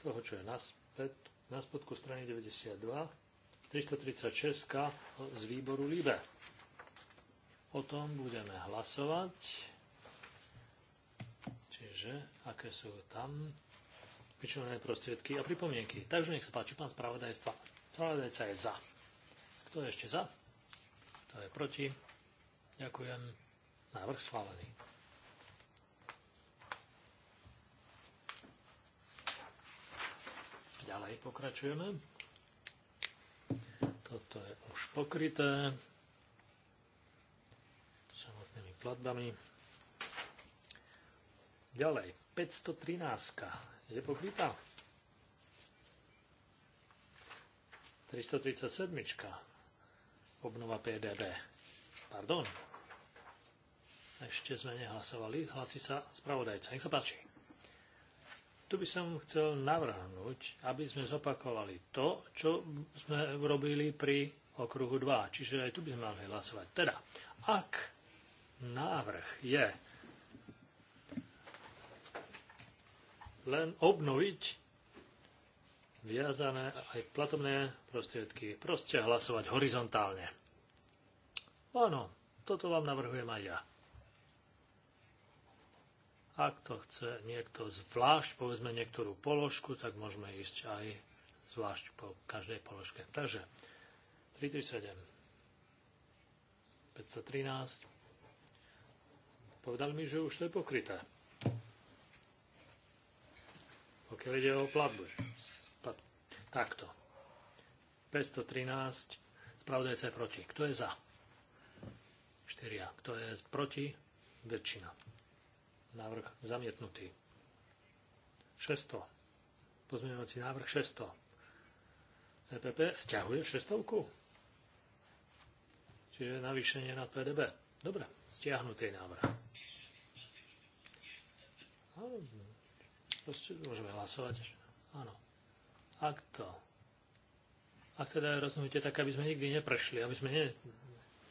Speaker 4: toho, čo je naspäť, na spodku strany 92, 336 z výboru LIBE. O tom budeme hlasovať, čiže aké sú tam vyčlenené prostriedky a pripomienky. Takže nech sa páči, pán spravodajstva. Spravodajca je za. Kto je ešte za? Kto je proti? Ďakujem. Návrh schválený. Ďalej pokračujeme. Toto je už pokryté samotnými platbami. Ďalej, 513 je pokrytá. 337 obnova PDB. Pardon. Ešte sme nehlasovali. Hlasí sa spravodajca. Nech sa páči. Tu by som chcel navrhnúť, aby sme zopakovali to, čo sme robili pri okruhu 2. Čiže aj tu by sme mali hlasovať. Teda, ak návrh je len obnoviť viazané aj platobné prostriedky. Proste hlasovať horizontálne. Áno, toto vám navrhujem aj ja. Ak to chce niekto zvlášť, povedzme niektorú položku, tak môžeme ísť aj zvlášť po každej položke. Takže 337, 513. Povedal mi, že už to je pokryté. Pokiaľ ide o platbu. Takto. 513, spravodajca je proti. Kto je za? 4. Kto je proti? Väčšina. Návrh zamietnutý. 600. Pozmeňovací návrh 600. EPP stiahuje 600. Čiže navýšenie nad PDB. Dobre, stiahnutý návrh. No, proste môžeme hlasovať. Áno. Ak to. Ak teda rozhodnutie tak, aby sme nikdy neprešli, aby sme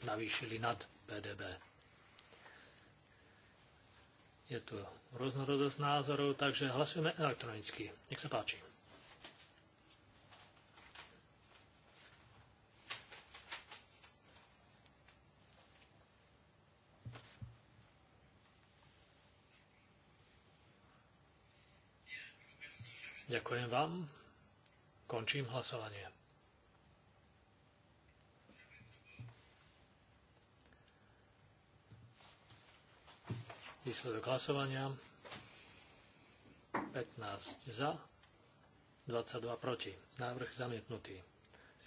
Speaker 4: nenavýšili nad PDB. Je tu rôznorodosť názorov, takže hlasujeme elektronicky. Nech sa páči. Ďakujem vám. Končím hlasovanie. Výsledok hlasovania 15 za, 22 proti. Návrh zamietnutý.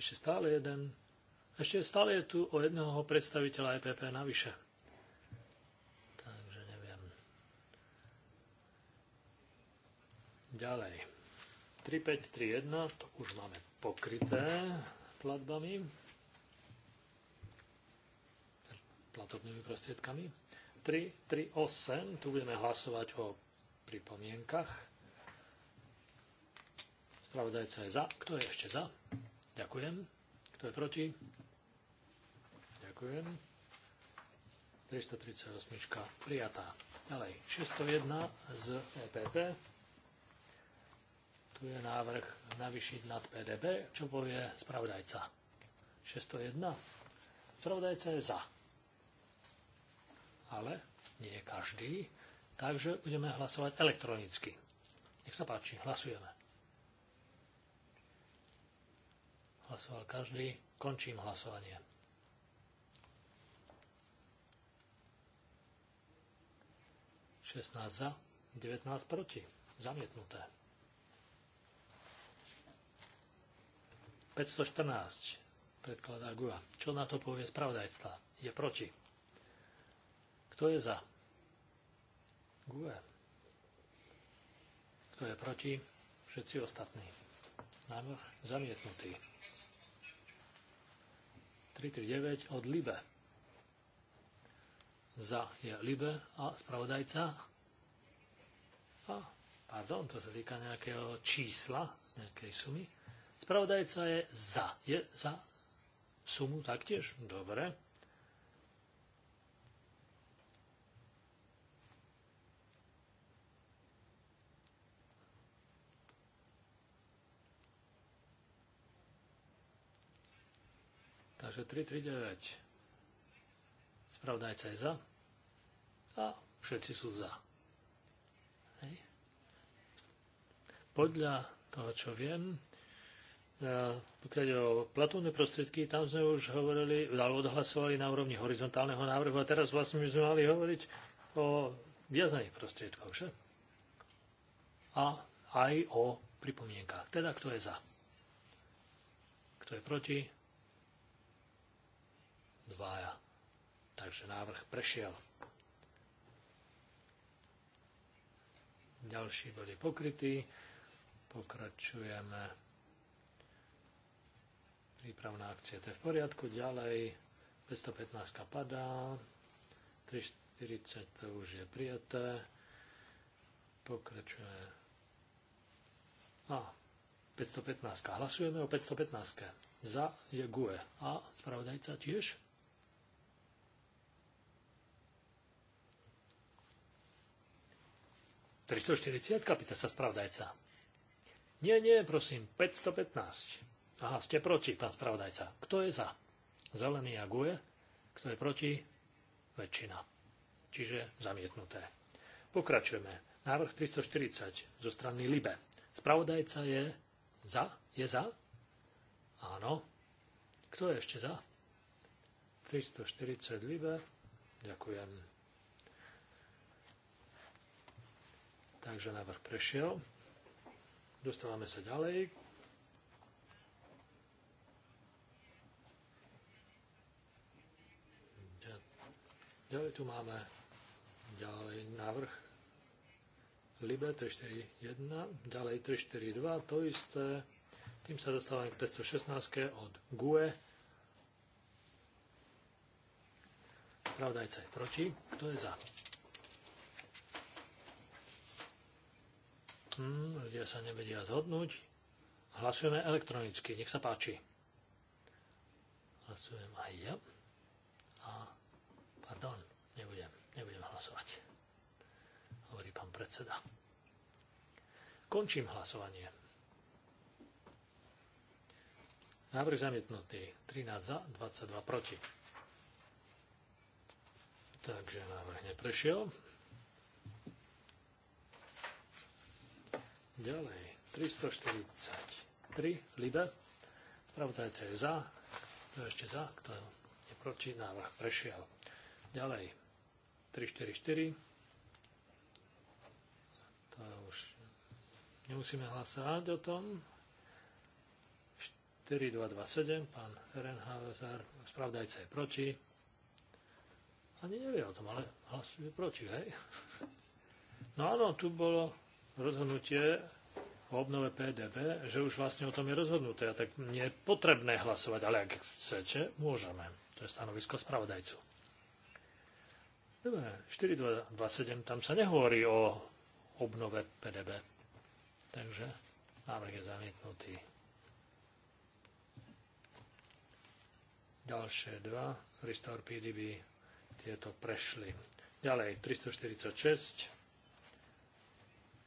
Speaker 4: Ešte stále jeden. Ešte stále je tu o jedného predstaviteľa EPP navyše. Takže neviem. Ďalej. 3531, to už máme pokryté platbami platobnými prostriedkami. 338, tu budeme hlasovať o pripomienkach. Spravodajca je za. Kto je ešte za? Ďakujem. Kto je proti? Ďakujem. 338 prijatá. Ďalej, 601 z EPP. Tu je návrh navýšiť nad PDB. Čo povie spravodajca? 601. Spravodajca je za ale nie každý. Takže budeme hlasovať elektronicky. Nech sa páči, hlasujeme. Hlasoval každý. Končím hlasovanie. Šestnáct za, 19 proti. Zamietnuté. 514 predkladá Gua. Čo na to povie spravodajstva? Je proti. Kto je za? Gue. Kto je proti? Všetci ostatní. Návrh zamietnutý. 339 od Libe. Za je Libe a spravodajca. A, pardon, to sa týka nejakého čísla, nejakej sumy. Spravodajca je za. Je za sumu taktiež? Dobre. Takže 339. spravodajca je za. A všetci sú za. Hej. Podľa toho, čo viem, e, pokiaľ ide o platovné prostriedky, tam sme už hovorili, alebo odhlasovali na úrovni horizontálneho návrhu a teraz vlastne by sme mali hovoriť o viazaných prostriedkoch, že? A aj o pripomienkach. Teda kto je za? Kto je proti? dvaja. Takže návrh prešiel. Ďalší boli pokrytí. Pokračujeme. Prípravná akcia, to je v poriadku. Ďalej 515 padá. 340 to už je prijaté. Pokračuje. A 515. Hlasujeme o 515. Za je GUE. A spravodajca tiež? 340, pýta sa spravdajca. Nie, nie, prosím, 515. Aha, ste proti, pán spravodajca. Kto je za? Zelený a guje. Kto je proti? Väčšina. Čiže zamietnuté. Pokračujeme. Návrh 340 zo strany Libe. Spravodajca je za? Je za? Áno. Kto je ešte za? 340 Libe. Ďakujem. Takže návrh prešiel. Dostávame sa ďalej. Ďalej tu máme ďalej návrh Libe 341, ďalej 342, to isté. Tým sa dostávame k 516 od GUE. Pravdajca je proti. Kto je za? hm, ľudia sa nevedia zhodnúť. Hlasujeme elektronicky, nech sa páči. Hlasujem aj ja. A pardon, nebudem, nebudem hlasovať. Hovorí pán predseda. Končím hlasovanie. Návrh zamietnutý. 13 za, 22 proti. Takže návrh neprešiel. Ďalej, 343 Lida. Spravodajca je za, kto je ešte za, kto je proti, návrh prešiel. Ďalej, 344. To už nemusíme hlasovať o tom. 4227, pán Renhauser, spravdajca je proti. Ani nevie o tom, ale hlasuje proti, hej? No áno, tu bolo rozhodnutie o obnove PDB, že už vlastne o tom je rozhodnuté a tak nie je potrebné hlasovať, ale ak chcete, môžeme. To je stanovisko spravodajcu. Dobre, 4.2.7, tam sa nehovorí o obnove PDB. Takže návrh je zamietnutý. Ďalšie dva, Restore PDB, tieto prešli. Ďalej, 346,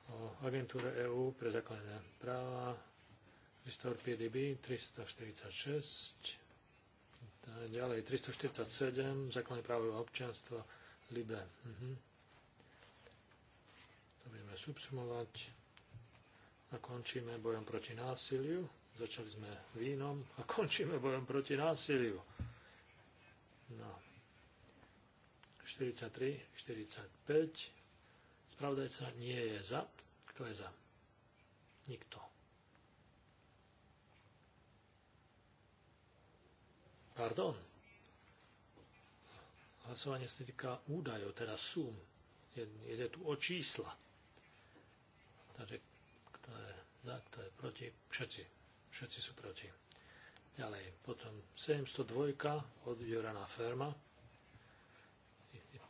Speaker 4: o agentúre EÚ pre základné práva, Restore PDB 346, ďalej 347, základné právo občianstva, LIBE. Mhm. To budeme subsumovať a končíme bojom proti násiliu. Začali sme vínom a končíme bojom proti násiliu. No. 43, 45, Spravodajca nie je za. Kto je za? Nikto. Pardon. Hlasovanie sa týka údajov, teda sum. Jede tu o čísla. Takže kto je za, kto je proti? Všetci. Všetci sú proti. Ďalej, potom 702 od Jorana Ferma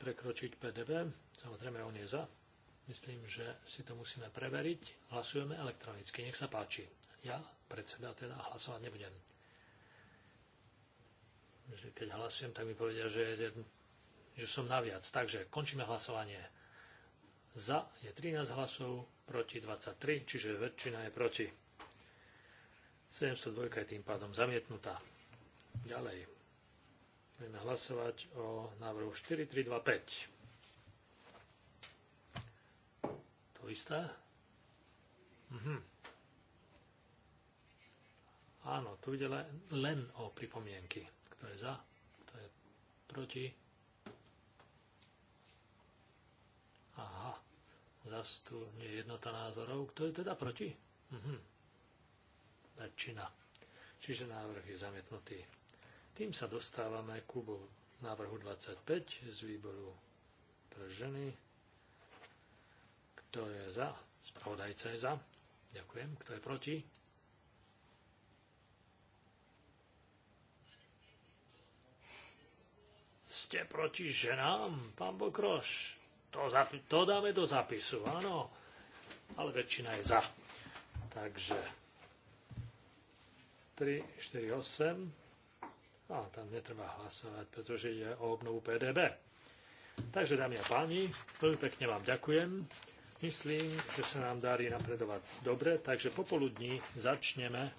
Speaker 4: prekročiť PDB. Samozrejme, on je za. Myslím, že si to musíme preveriť. Hlasujeme elektronicky. Nech sa páči. Ja, predseda, teda hlasovať nebudem. Keď hlasujem, tak mi povedia, že, že som naviac. Takže končíme hlasovanie. Za je 13 hlasov, proti 23, čiže väčšina je proti. 702 je tým pádom zamietnutá. Ďalej. Budeme hlasovať o návrhu 4325. to isté? Mhm. Áno, tu ide len, len o pripomienky. Kto je za, kto je proti. Aha, zas tu je jednota názorov. Kto je teda proti? Mhm. Väčšina. Čiže návrh je zamietnutý. Tým sa dostávame ku návrhu 25 z výboru pre ženy. Kto je za? Spravodajca je za.
Speaker 2: Ďakujem. Kto je
Speaker 4: proti? Ste proti ženám, pán Bokroš? To, to dáme do zápisu, áno. Ale väčšina je za. Takže 3, 4, 8. A tam netreba hlasovať, pretože je o obnovu PDB. Takže, dámy a páni, veľmi pekne vám ďakujem. Myslím, že sa nám darí napredovať dobre, takže popoludní začneme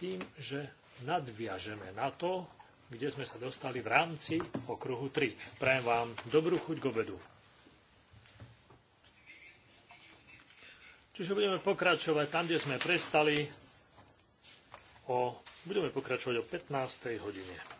Speaker 4: tým, že nadviažeme na to, kde sme sa dostali v rámci okruhu 3. Prajem vám dobrú chuť k obedu. Čiže budeme pokračovať tam, kde sme prestali. O, budeme pokračovať o 15. hodine.